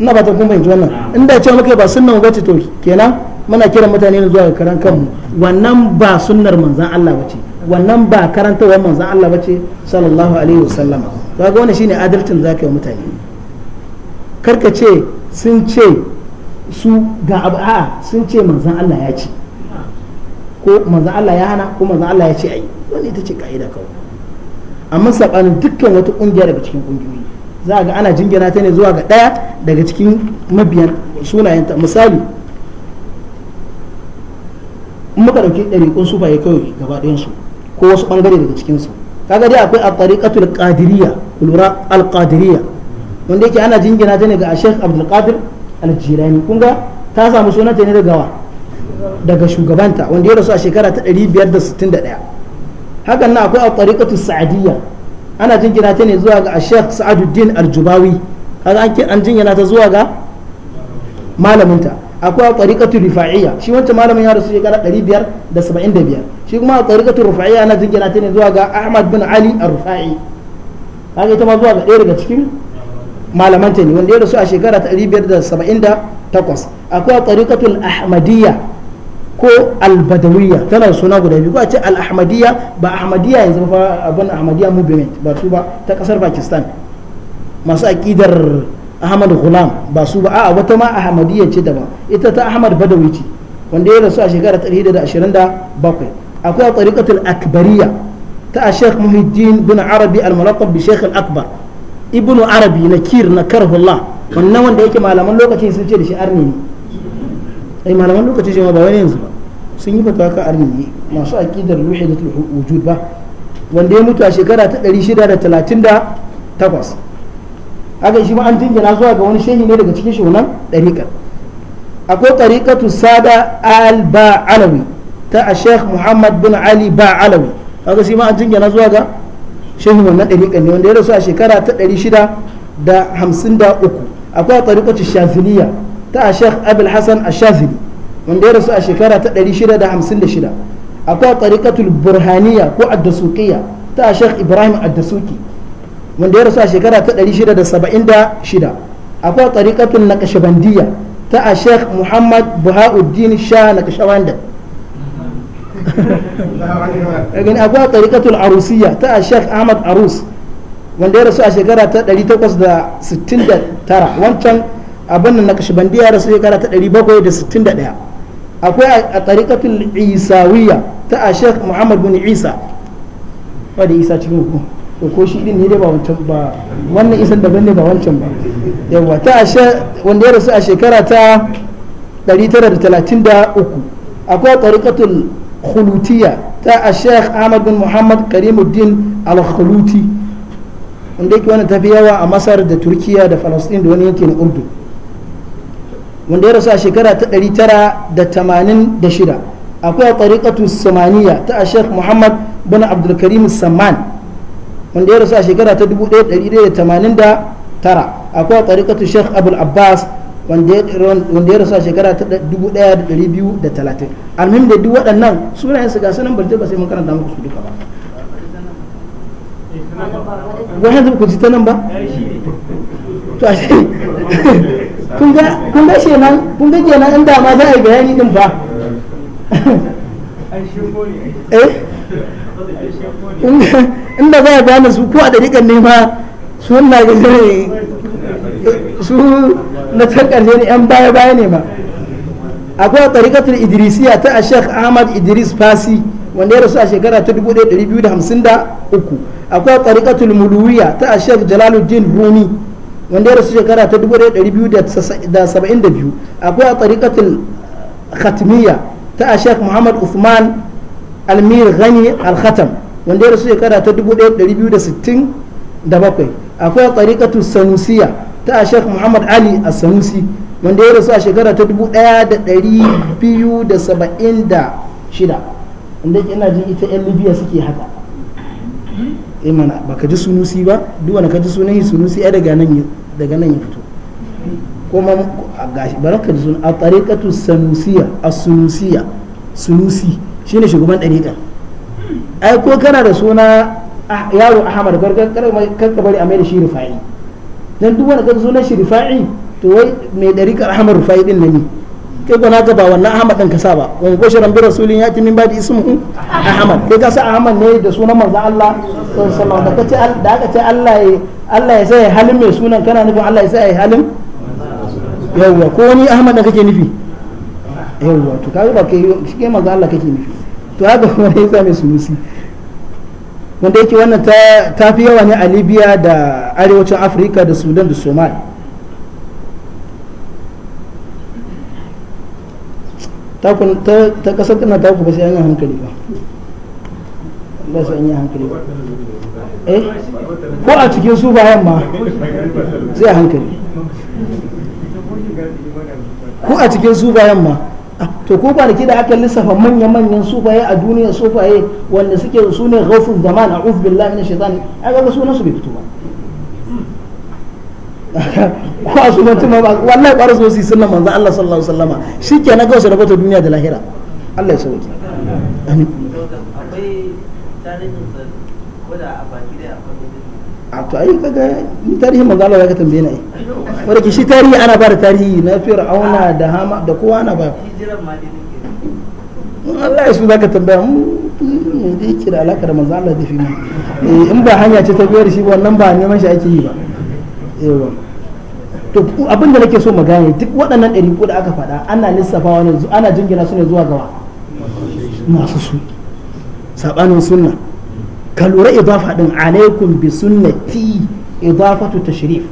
ina ba ta kuma fahimci wannan ah. in da ce muka ba sunan wace to kenan muna kira mutane ne zuwa karan kanmu wannan ba sunnar manzan Allah bace wannan ba karantawar manzan Allah bace sallallahu alaihi wasallama to ga wannan shine adalcin zaka yi mutane karka ce sun ce su ga abu a'a sun ce manzan Allah ya ce ko manzan Allah ya hana ko manzan Allah ya ce ayi wannan ita ce ka'ida kawai amma sabanin dukkan wata kungiya daga cikin kungiyoyi za ga ana jingina ta ne zuwa ga ɗaya daga cikin mabiyan sunayenta misali in muka ɗauki ɗariƙun sufaye kawai gaba ɗayansu ko wasu ɓangare daga cikinsu kaga dai akwai al-tariqatul qadiriyya lura al-qadiriyya wanda yake ana jingina ta ne ga Sheikh Abdul Qadir al-Jilani kun ga ta samu sunanta ne daga wa daga shugabanta wanda ya rasu a shekara ta 561 hakan nan akwai al-tariqatus sa'diyya ana jingina ta ne zuwa ga Sheikh Sa'aduddin aljubawi jubawi kaga an an jingina ta zuwa ga malaminta akwai a tariqatu rifa'iyya shi wancan malamin ya rasu shekara 575 shi kuma a tariqatu rifa'iyya ana jingina ta ne zuwa ga Ahmad bin Ali Ar-Rufai kaga ita ma zuwa ga ɗaya daga cikin malamanta ne wanda ya rasu a shekara 578 akwai a tariqatul Ahmadiyya ko albadawiya tana da suna guda biyu ko a ce al-ahmadiyya ba ahmadiyya yanzu ba abin ahmadiyya movement ba su ba ta kasar pakistan masu aƙidar ahmad gulam ba su ba a wata ma ahmadiyya ce daban ita ta ahmad badawi ce wanda ya rasu a shekara 127 akwai a tsarikatul akbariya ta a sheikh muhiddin bin arabi al-mulaqab bi sheikh al-akbar ibnu arabi nakir na karhullah wannan wanda yake malaman lokacin sun ce da shi arni ne ai malaman lokacin shi ma ba wani yanzu ba sun yi fatawa ka arni masu aqidar luhidatul wujud ba wanda ya mutu a shekara ta 638 haka shi ma an jingina zuwa ga wani shehi ne daga cikin shunan ɗariƙar akwai ɗariƙatu sada al ba'alawi ta a sheikh muhammad bin ali ba ba'alawi haka shi ma an jingina zuwa ga shehin wannan ɗariƙar ne wanda ya rasu a shekara ta 653 akwai ɗariƙatu shafiliya ta Sheikh Abul Hassan Ash-Shazili wanda ya rasu a shekara ta 656 akwai tariqatul burhaniya ko addasuqiyya ta Sheikh Ibrahim Addasuki wanda ya rasu a shekara ta 676 akwai tariqatul naqshbandiyya ta Sheikh Muhammad Bahauddin Shah Naqshbandi gani akwai tariqatul arusiyya ta Sheikh Ahmad Arus wanda ya rasu a shekara ta 869 wancan abin nan nakashibandi ya rasu shekara ta 761 akwai a tariqatul isawiya ta a sheikh muhammad bin isa wadda isa cikin ku to ko shi din ne dai ba wancan ba wannan isa da ne ba wancan ba yawa ta a wanda ya rasu a shekara ta 933 akwai tariqatul khulutiya ta a sheikh ahmad bin muhammad karimuddin al-khuluti wanda yake wani tafi yawa a masar da turkiya da falastin da wani yankin urdu wanda ya rasu a shekara ta 986 akwai a tariƙatu samaniya ta a sheikh muhammad bin abdulkarim saman wanda ya rasu a shekara ta 1189 akwai a tariƙatu sheikh abul abbas wanda ya rasu a shekara ta 1230 almim da duk waɗannan sunayen su ga sunan barje ba sai mun karanta muku su duka ba wani ku ci ta nan ba kun ga kun ga kun ga kenan inda ma za a yi bayani din eh? ba inda ba a bani su ko a dariƙar ne ma su na gajere eh, su na takarce ne yan baya baya ne ba akwai ɗariƙatul idrisiya ta a sheikh ahmad idris fasi wanda ya rasu a shekara ta 1253 akwai ɗariƙatul muluwiya ta a sheikh jalaluddin rumi wanda ya rasu shekara ta 1272 akwai a tariqatul khatmiya ta a Sheikh Muhammad Uthman Almir Ghani Al-Khatam wanda ya rasu shekara ta 1267 akwai a tariqatul sanusiya ta a Sheikh Muhammad Ali As-Sanusi wanda ya rasu a shekara ta 1276 wanda ina jin ita yan Libya suke haka imana eh, ba ka ji sunusi ba duk wani ka ji sunayi sunusi ai daga nan daga nan ya fito kuma gashi baraka ji sunusi a tariqatu sanusiya as-sunusiya sunusi shine shugaban dariqa ai ko kana da suna ah, yaro ahmad karka bari a mai da shi rufa'i dan duk wani ka ji sunan shi rufa'i to wai mai dariqar ahmad rufa'i din ne kai ko ka ba wannan Ahmad din ka sa ba wa mubashiran bi rasulin yati min ba'di ismuhu Ahmad kai ka sa Ahmad ne da sunan manzo Allah sallallahu alaihi wasallam da aka ce Allah ya Allah ya sai halin mai sunan kana nufin Allah ya sai halin yawwa ko ni Ahmad da kake nufi yawwa to ka ba kai shi ke manzo Allah kake nufi to haka kuma ne yasa mai sunusi wanda yake wannan ta fi yawa ne a Libya da arewacin Afirka da Sudan da Somalia ta kasar tana ta fuka sai an yi hankali ba Allah sai an yi hankali ba eh ko a cikin su ba yamma sai a hankali ko a cikin su ba yamma to ko ba da aka lissafa manya-manyan sufaye a duniyar sufaye wanda suke su ne ghafin zaman a uf billahi na shaitan a ga sunan su bai fito ba ko asubanci ma ba wallahi ba rasu su sunna manzo Allah sallallahu alaihi wasallama shikenan kawai su rabata duniya da lahira Allah ya sauke amin a to ai kaga ni tarihin manzo Allah ka tambaye ni wanda ki shi tarihi ana ba da tarihi na fir'auna da hama da kowa ana ba Allah ya su zaka tambaya mu hmm, da yake da alaka da manzo Allah da fi mu eh, in ba hanya ce ta biyar shi ba wannan ba neman shi ake yi ba yawa to abin da nake so magana duk waɗannan ɗari da aka faɗa ana lissafa wani ana jingina su ne zuwa gawa masu su saɓanin sunna ka lura idafa din alaikum bi sunnati idafatu tashrif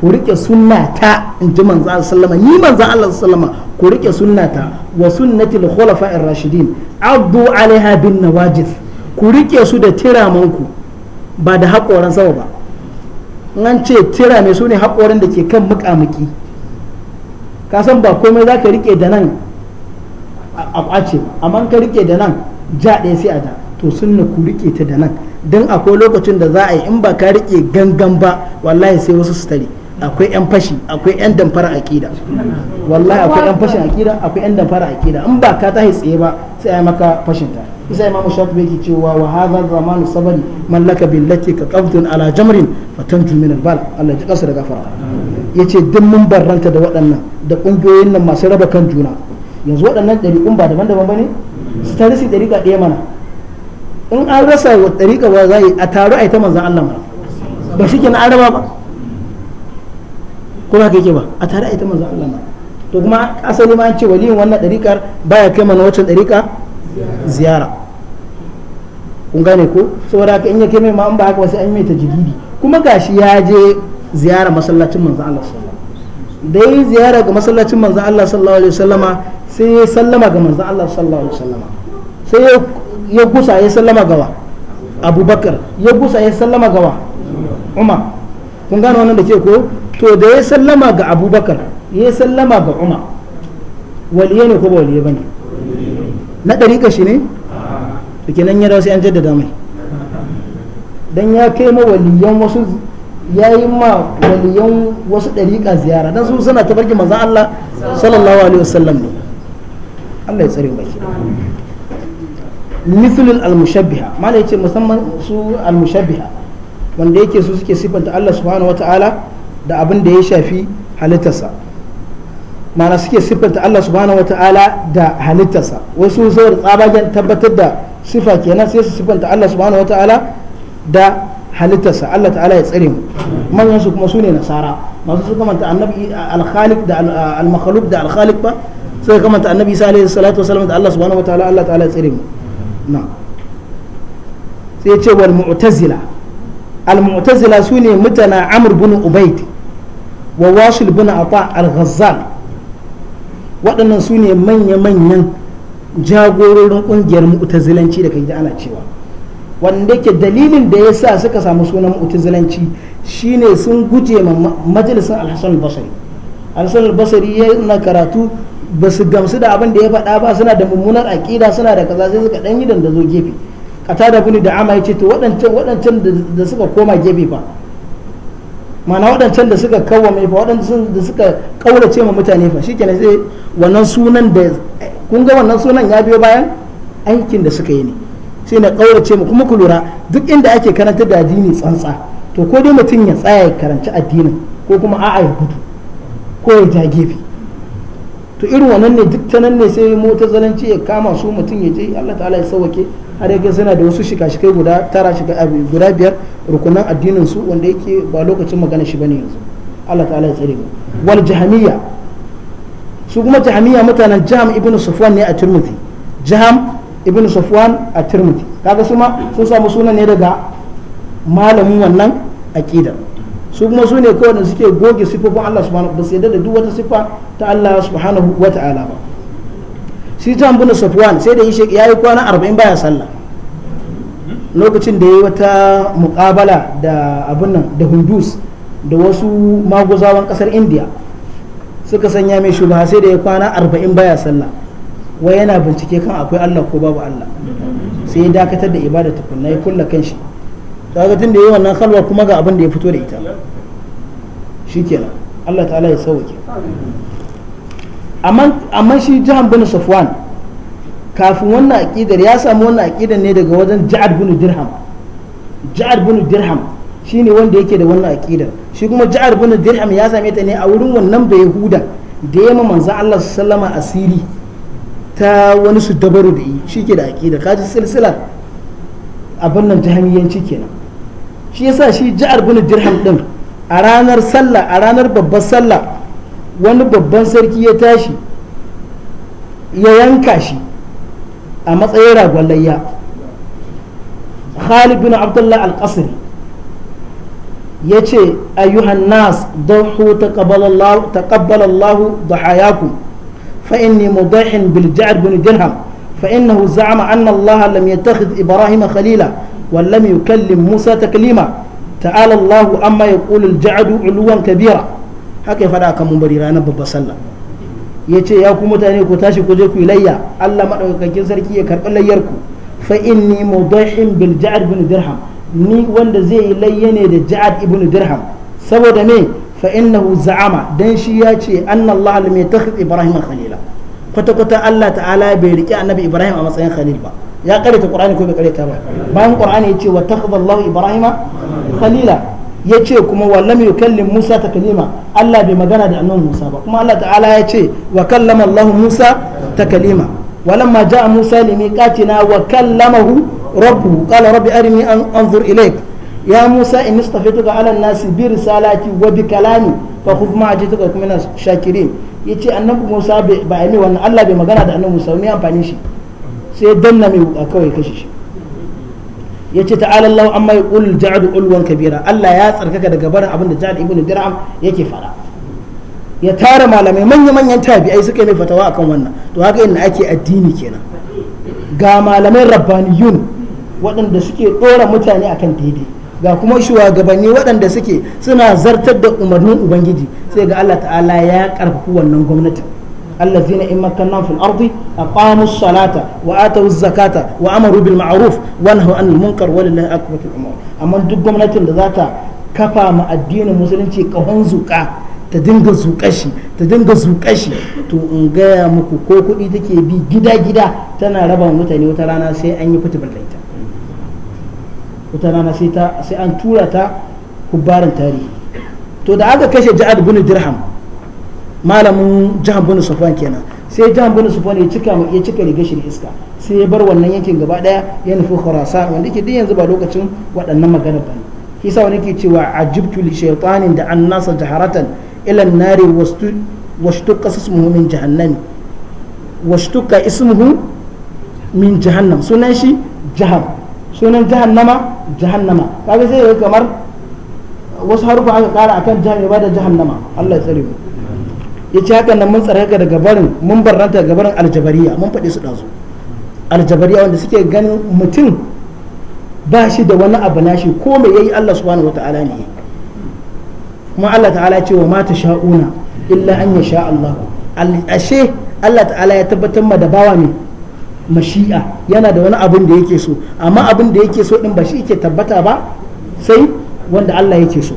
ku rike sunnata in ji manzo sallama ni manzo Allah sallama ku rike ta wa sunnati al in rashidin abdu alaiha bin nawajid ku rike su da tiramanku ba da haƙoran sama ba An ce tira mai su ne haƙorin da ke kan muƙamuƙi ka san ba komai za ka rike da nan a ƙwace amma ka rike da nan ja ɗaya sai a da to sunna ku rike ta da nan don akwai lokacin da za a yi in ba ka rike gangan ba wallahi sai wasu su tare akwai yan fashi akwai yan damfara akida wallahi akwai yan fashin akida akwai yan damfara akida in ba ka tahi tsaye ba sai a yi maka fashin ta isa imamu shafi yake cewa wa hadha sabali sabari mallaka billati ka qabdun ala jamrin fatanju min albal Allah ya kasu da gafara yace duk mun barranta da waɗannan da ƙungiyoyin nan masu raba kan juna yanzu waɗannan ɗariƙun ba daban-daban bane su ta risi ɗariƙa ɗaya mana in an rasa wa ɗariƙa ba za a taru a yi ta manzan Allah mana ba shi kenan an raba ba ko ba ka yake ba a taru a yi ta manzan Allah mana to kuma asali ma an ce waliyin wannan ɗariƙar baya kai mana wacce ɗariƙa ziyara kun gane ko saboda haka in yake mai ma an ba haka wasu an mai ta jigidi kuma gashi ya je ziyara masallacin manzo Allah da yi ziyara ga masallacin manzo Allah sallallahu alaihi wasallama sai ya sallama ga manzo Allah sallallahu alaihi wasallama sai ya gusa ya sallama Abu abubakar ya gusa ya sallama wa umar kun gane wannan da ke ko to da ya sallama ga abubakar ya sallama ga umar waliye ne ko ba waliye bane na ɗariƙa shi ne da nan ya sai yan jaddada mai don ya kai ma waliyan wasu ya yi ma waliyan wasu ɗariƙa ziyara don su suna ta barki manzan Allah sallallahu alaihi wasallam ne Allah ya tsare baki mithlul al-mushabbiha mala yace musamman su al-mushabbiha wanda yake su suke sifanta Allah subhanahu wataala da abin da ya shafi halittarsa mana suke siffanta Allah subhanahu wata'ala da halittarsa wasu saboda tsabagen tabbatar da sifa kenan sai su siffanta Allah subhanahu wata'ala da halittarsa Allah ta'ala ya tsare mu manyan su kuma su ne nasara masu su kamanta annabi al-khaliq da al-makhluq da al-khaliq ba sai kamanta annabi isa alaihi salatu wasallam da Allah subhanahu wata'ala Allah ta'ala ya tsare mu na sai ce wal mu'tazila al mu'tazila su mutana amr bin ubayd wa wasil bin ata al-ghazzal waɗannan su ne manya-manyan jagororin ƙungiyar mu'tazilanci da kai ana cewa wanda ke dalilin da ya sa suka samu sunan mu'tazilanci shine sun guje ma majalisar alhassan basari alhassan al-basari na karatu ba su gamsu da abin da ya faɗa ba suna da mummunar aƙida suna da kaza sai suka ɗan yi dandazo gefe kata da buni da ama ya ce to waɗancan da suka koma gefe ba. mana waɗancan da suka kawwame fa waɗancan da suka ƙaurace ma mutane fa shikenan sai wannan sunan da kun ga wannan sunan ya biyo bayan aikin da suka yi ne sai na ƙaurace mu kuma ku lura duk inda ake karanta da addini tsantsa to ko dai mutum ya tsaya ya karanci addinin ko kuma a'a ya gudu ko ya ja gefe to irin wannan ne duk ta nan ne sai mota zalunci ya kama su mutum ya je Allah ta'ala ya sauwake har ya yake suna da wasu shika-shikai guda tara shika guda biyar rukunan addinin su wanda yake ba lokacin magana shi bane yanzu Allah ta'ala ya tsare mu wal jahamiyya su kuma jahamiyya mutanen jaham ibnu sufwan ne a tirmidhi jaham ibnu sufwan a tirmidhi kaga su ma sun samu sunan ne daga malamin wannan aqidar su kuma su ne kowane suke goge sifofin Allah subhanahu ba su yadda da duk wata siffa ta Allah subhanahu wa ta'ala ba shi ta na safwan sai da yi ya yi kwana arba'in baya sallah lokacin da ya yi wata mukabala da abin nan da hundus da wasu maguzawan kasar india suka sanya mai shuba sai da ya kwana arba'in baya sallah wai yana bincike kan akwai Allah ko babu Allah sai ya dakatar da ibada tukunna ya kulla kanshi shi kaga tun da yi wannan halwa kuma ga abin da ya fito da ita shikenan Allah ta'ala ya sauke amma shi jihar bin safwan kafin wannan aƙidar ya samu wannan aƙidar ne daga wajen ja'ad bin dirham ja'ad bin dirham ne wanda yake da wannan aƙidar shi kuma ja'ad bin dirham ya same ta ne a wurin wannan bai huda da ya manzo Allah sallama asiri ta wani su dabaru da yi shi ke da aƙidar kaji silsilar abin nan jahamiyanci kenan shi yasa shi ja'ar bin dirham din a ranar sallah a ranar babbar sallah wani babban sarki ya tashi ya yanka shi a matsayin ragon khalid bin abdullah al ya ce ayyuhan nas dahu taqabbalallahu dahayakum fa inni mudahin bil ja'ar bin dirham fa innahu za'ama anna allah lam yattakhidh ibrahim khalila ولم يكلم ta تكليما تعالى amma ya يقول الجعد علوا كبيرا haka ya faɗa akan mumbari ranar babbar sallah ya ce ya ku mutane ku tashi ku je ku yi layya Allah maɗaukakin sarki ya karɓi layyar ku fa inni mudahin bil ja'ad dirham ni wanda zai yi layya ne da ja'ad ibn dirham saboda me fa innahu za'ama dan shi ya ce anna Allah lam yattakhid ibrahim khalila kwata kwata Allah ta'ala bai riki annabi ibrahim a matsayin khalil ba ya karanta qur'ani ko bai karanta ba bayan qur'ani ya ce wa takhadallahu ibrahima khalila ce kuma wa lam yukallim musa taklima Allah bai magana da annabi musa ba kuma Allah ta'ala ce wa kallama Allah musa taklima walamma ja'a musa limiqatina wa kallamahu rabbuhu qala rabbi arini anzur ilayk ya musa inni istafituka ala nasi bi risalati wa bi kalami fa khudh ma ajituka na shakirin yace annabi musa ba ai mai wannan Allah bai magana da annabi musa ne amfani shi sai danna mai wuka kawai kashe shi ya ce ta'ala Allah amma ya ƙul ja'adu ulwan kabira Allah ya tsarkaka daga barin abin da ja'ad ibn dirham yake fara ya tara malamai manya-manyan tabi'ai suka yi mai fatawa akan wannan to haka yadda ake addini kenan ga malamai rabbaniyun waɗanda suke ɗora mutane akan daidai ga kuma shugabanni waɗanda suke suna zartar da umarnin ubangiji sai ga Allah ta'ala ya ƙarfafi wannan gwamnatin الذين إن مكناهم في الأرض أقاموا الصلاة وآتوا الزكاة وأمروا بالمعروف ونهوا عن المنكر ولله أكبر الأمور أما duk gwamnatin da zata kafa ma addinin musulunci kahon zuƙa ta ta dinga zuƙa to in gaya muku ko kuɗi take bi gida-gida tana raba mutane wata rana sai an yi fitibar da ita wata rana sai an tura ta tarihi to da aka kashe ja'ad bin dirham malamin jihar bin sufan kenan sai jihar bin sufan ya cika ya cika riga shi iska sai ya bar wannan yankin gaba daya ya nufi khurasan wanda yake duk yanzu ba lokacin waɗannan magana ba ne yasa wani ke cewa ajibtu li shaytanin da an nasa jaharatan ila an-nari washtuqa ismuhu min jahannam washtuqa ismuhu min jahannam sunan shi jahar sunan jahannama jahannama kaga sai kamar wasu harufa aka kara akan jahannama da jahannama Allah ya tsare mu ya ce haka nan mun tsaraka daga barin mun barranta daga barin aljabariya mun faɗi su ɗazu aljabariya wanda suke ganin mutum ba shi da wani abu nashi ko mai yayi Allah subhanahu wataala ne kuma Allah ta'ala ce wa mata sha'una illa an ya sha Allah ashe Allah ta'ala ya tabbatar ma da bawa ne mashi'a yana da wani abin da yake so amma abin da yake so din ba shi yake tabbata ba sai wanda Allah yake so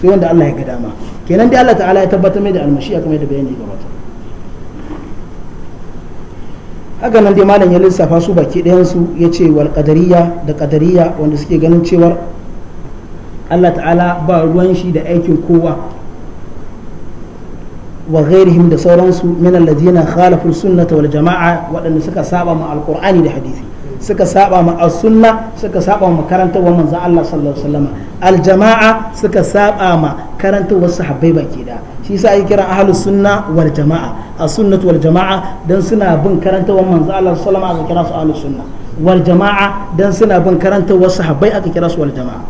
sai wanda Allah ya ga dama kenan dai Allah ta'ala ya tabbatar mai da almashiya kamar da bayani wata haka nan dai malam ya lissafa su baki ɗayan su ya ce wal qadariya da qadariya wanda suke ganin cewar Allah ta'ala ba ruwan shi da aikin kowa wa ghairihim da sauransu min alladhina khalafu sunnata wal jama'a waɗanda suka saba ma alqur'ani da hadisi suka saba ma as-sunna suka saba ma karantawar manzon Allah sallallahu alaihi wasallam al suka saba ma karantawar sahabbai baki da shi yasa ake kira ahlus sunna wal jama'a as-sunnatu wal jama'a dan suna bin karantawar manzon Allah sallallahu alaihi wasallam aka kira su ahlus sunna wal jama'a dan suna bin karantawar sahabbai aka kira su wal jama'a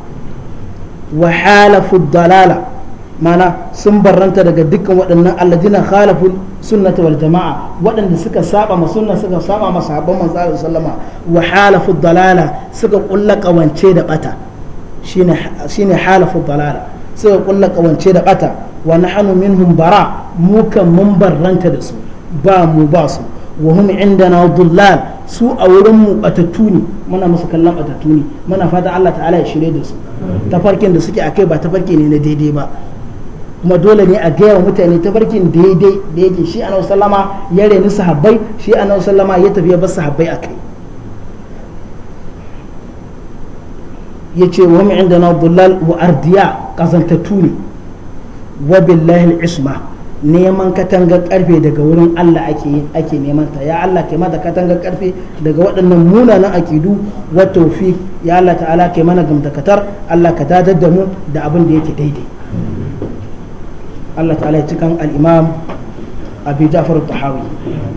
wa halafu dalala mana sun barranta daga dukkan waɗannan alladina khalafu sunnata wal jama'a waɗanda suka saba ma sunna suka saba ma sahabban manzo sallama wa halafu dalala suka kulla kawance da bata shine shine halafu dalala suka kulla kawance da bata wa nahnu minhum bara mu kan mun barranta da su ba mu ba su wa hum indana dullal su a wurin mu batattu ne muna musu kallon batattu ne muna fata Allah ta'ala ya shirye da su tafarkin da suke akai ba tafarki ne na daidai ba kuma dole ne a gaya wa mutane tafarkin daidai da yake shi annabi sallama ya reni sahabbai shi annabi sallama ya tafi ya bar sahabbai akai yace wa mu indana wa ardiya kazantatu ne wa billahi isma neman katanga karfe daga wurin Allah ake ake neman ta ya Allah kai mata katanga karfe daga waɗannan munanan akidu wa tawfiq ya Allah ta'ala kai mana gamtakatar Allah ka dadar da mu da abin da yake daidai Allah ta'ala ya cikin al a abi ja'far tahawi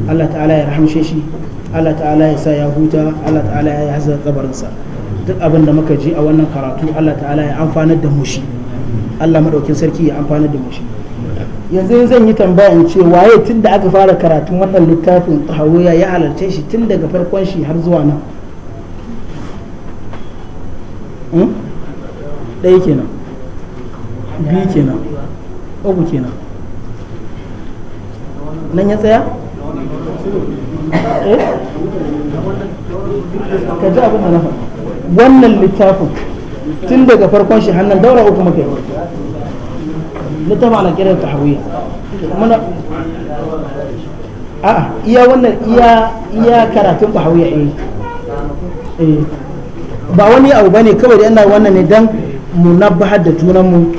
Allah ta'ala ya rahamshe shi Allah ta'ala ya sa ya huta Allah ta'ala ya hasa kabarinsa duk abin da muka ji a wannan karatu Allah ta'ala ya amfanar da mu shi Allah madaukin sarki ya amfanar da mu shi yanzu zan yi tambaya in ce waye tun da aka fara karatun wannan littafin tahawiyya ya halarce shi tun daga farkon shi har zuwa nan hmm? ɗaya kenan biyu kenan uku kenan nan ya tsaya eh? ka ji abin da na wannan littafin tun daga farkon shi hannun daura uku maka yi littafin ana ta tahawiyya muna a'a iya wannan iya iya karatun tahawiyya eh, eh. ba wani abu bane kawai da yana wannan ne dan mu nabbahar da junanmu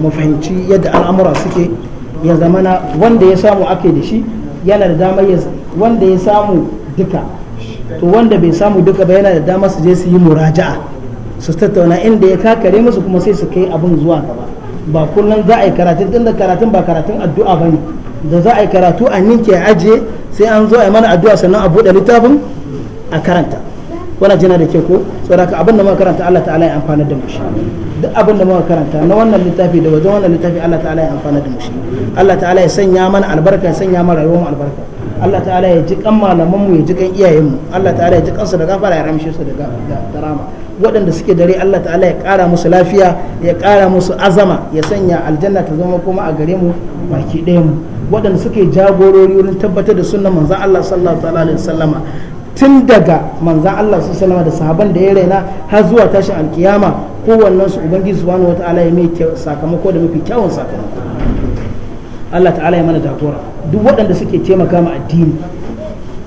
mu fahimci yadda al'amura suke ya na wanda ya samu ake da shi yana da damar wanda ya samu duka to wanda bai samu duka ba yana da damar su je su yi muraja'a su tattauna inda ya kakare musu kuma sai su kai abin zuwa gaba ba kullum za a yi karatun din da karatun ba karatun addu'a bane da za a yi karatu a ninke ajiye sai an zo a yi mana addu'a sannan a buɗe littafin a karanta wannan jina da ke ko saboda abin da muka karanta Allah ta'ala ya amfana da mu duk abin da muka karanta na wannan littafi da wajen wannan littafi Allah ta'ala ya amfana da mushi Allah ta'ala ya sanya mana albarka ya sanya mana rayuwar albarka Allah ta'ala ya ji kan malaman mu ya ji kan iyayen mu Allah ta'ala ya ji kansu da gafara ya ramshe su da karama waɗanda suke dare Allah ta'ala ya ƙara musu lafiya ya ƙara musu azama ya sanya aljanna ta zama kuma a gare mu baki ɗaya mu waɗanda suke jagorori wurin tabbatar da sunnan manzon Allah sallallahu alaihi wasallama tun daga manzan Allah su salama da sahaban da ya raina har zuwa tashin alkiyama kowannen su ubangiji subhanahu wataala ya mai sakamako da mafi kyawun sakamako Allah ta'ala ya mana takura. duk waɗanda suke taimaka ma addini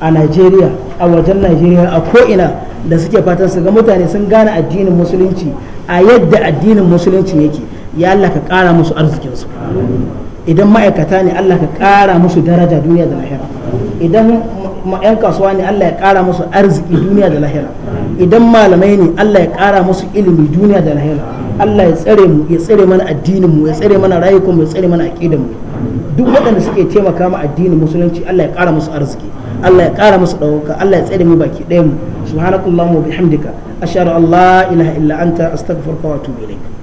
a Najeriya a wajen Najeriya a ko ina da suke fatan su ga mutane sun gane addinin musulunci a yadda addinin musulunci yake ya Allah ka ƙara musu arzikinsu idan ma'aikata ne Allah ka ƙara musu daraja duniya da lahira idan kuma 'yan kasuwa ne Allah ya kara musu arziki duniya da lahira idan malamai ne Allah ya kara musu ilimi duniya da lahira Allah ya tsare mu ya tsare mana addinin mu ya tsare mana rayukan mu ya tsare mana aqidan mu duk waɗanda suke taimaka ma addinin musulunci Allah ya kara musu arziki Allah ya kara musu ɗaukaka Allah ya tsare mu baki ɗayan mu subhanakallahumma wa bihamdika ashhadu an la ilaha illa anta astaghfiruka wa atubu ilayk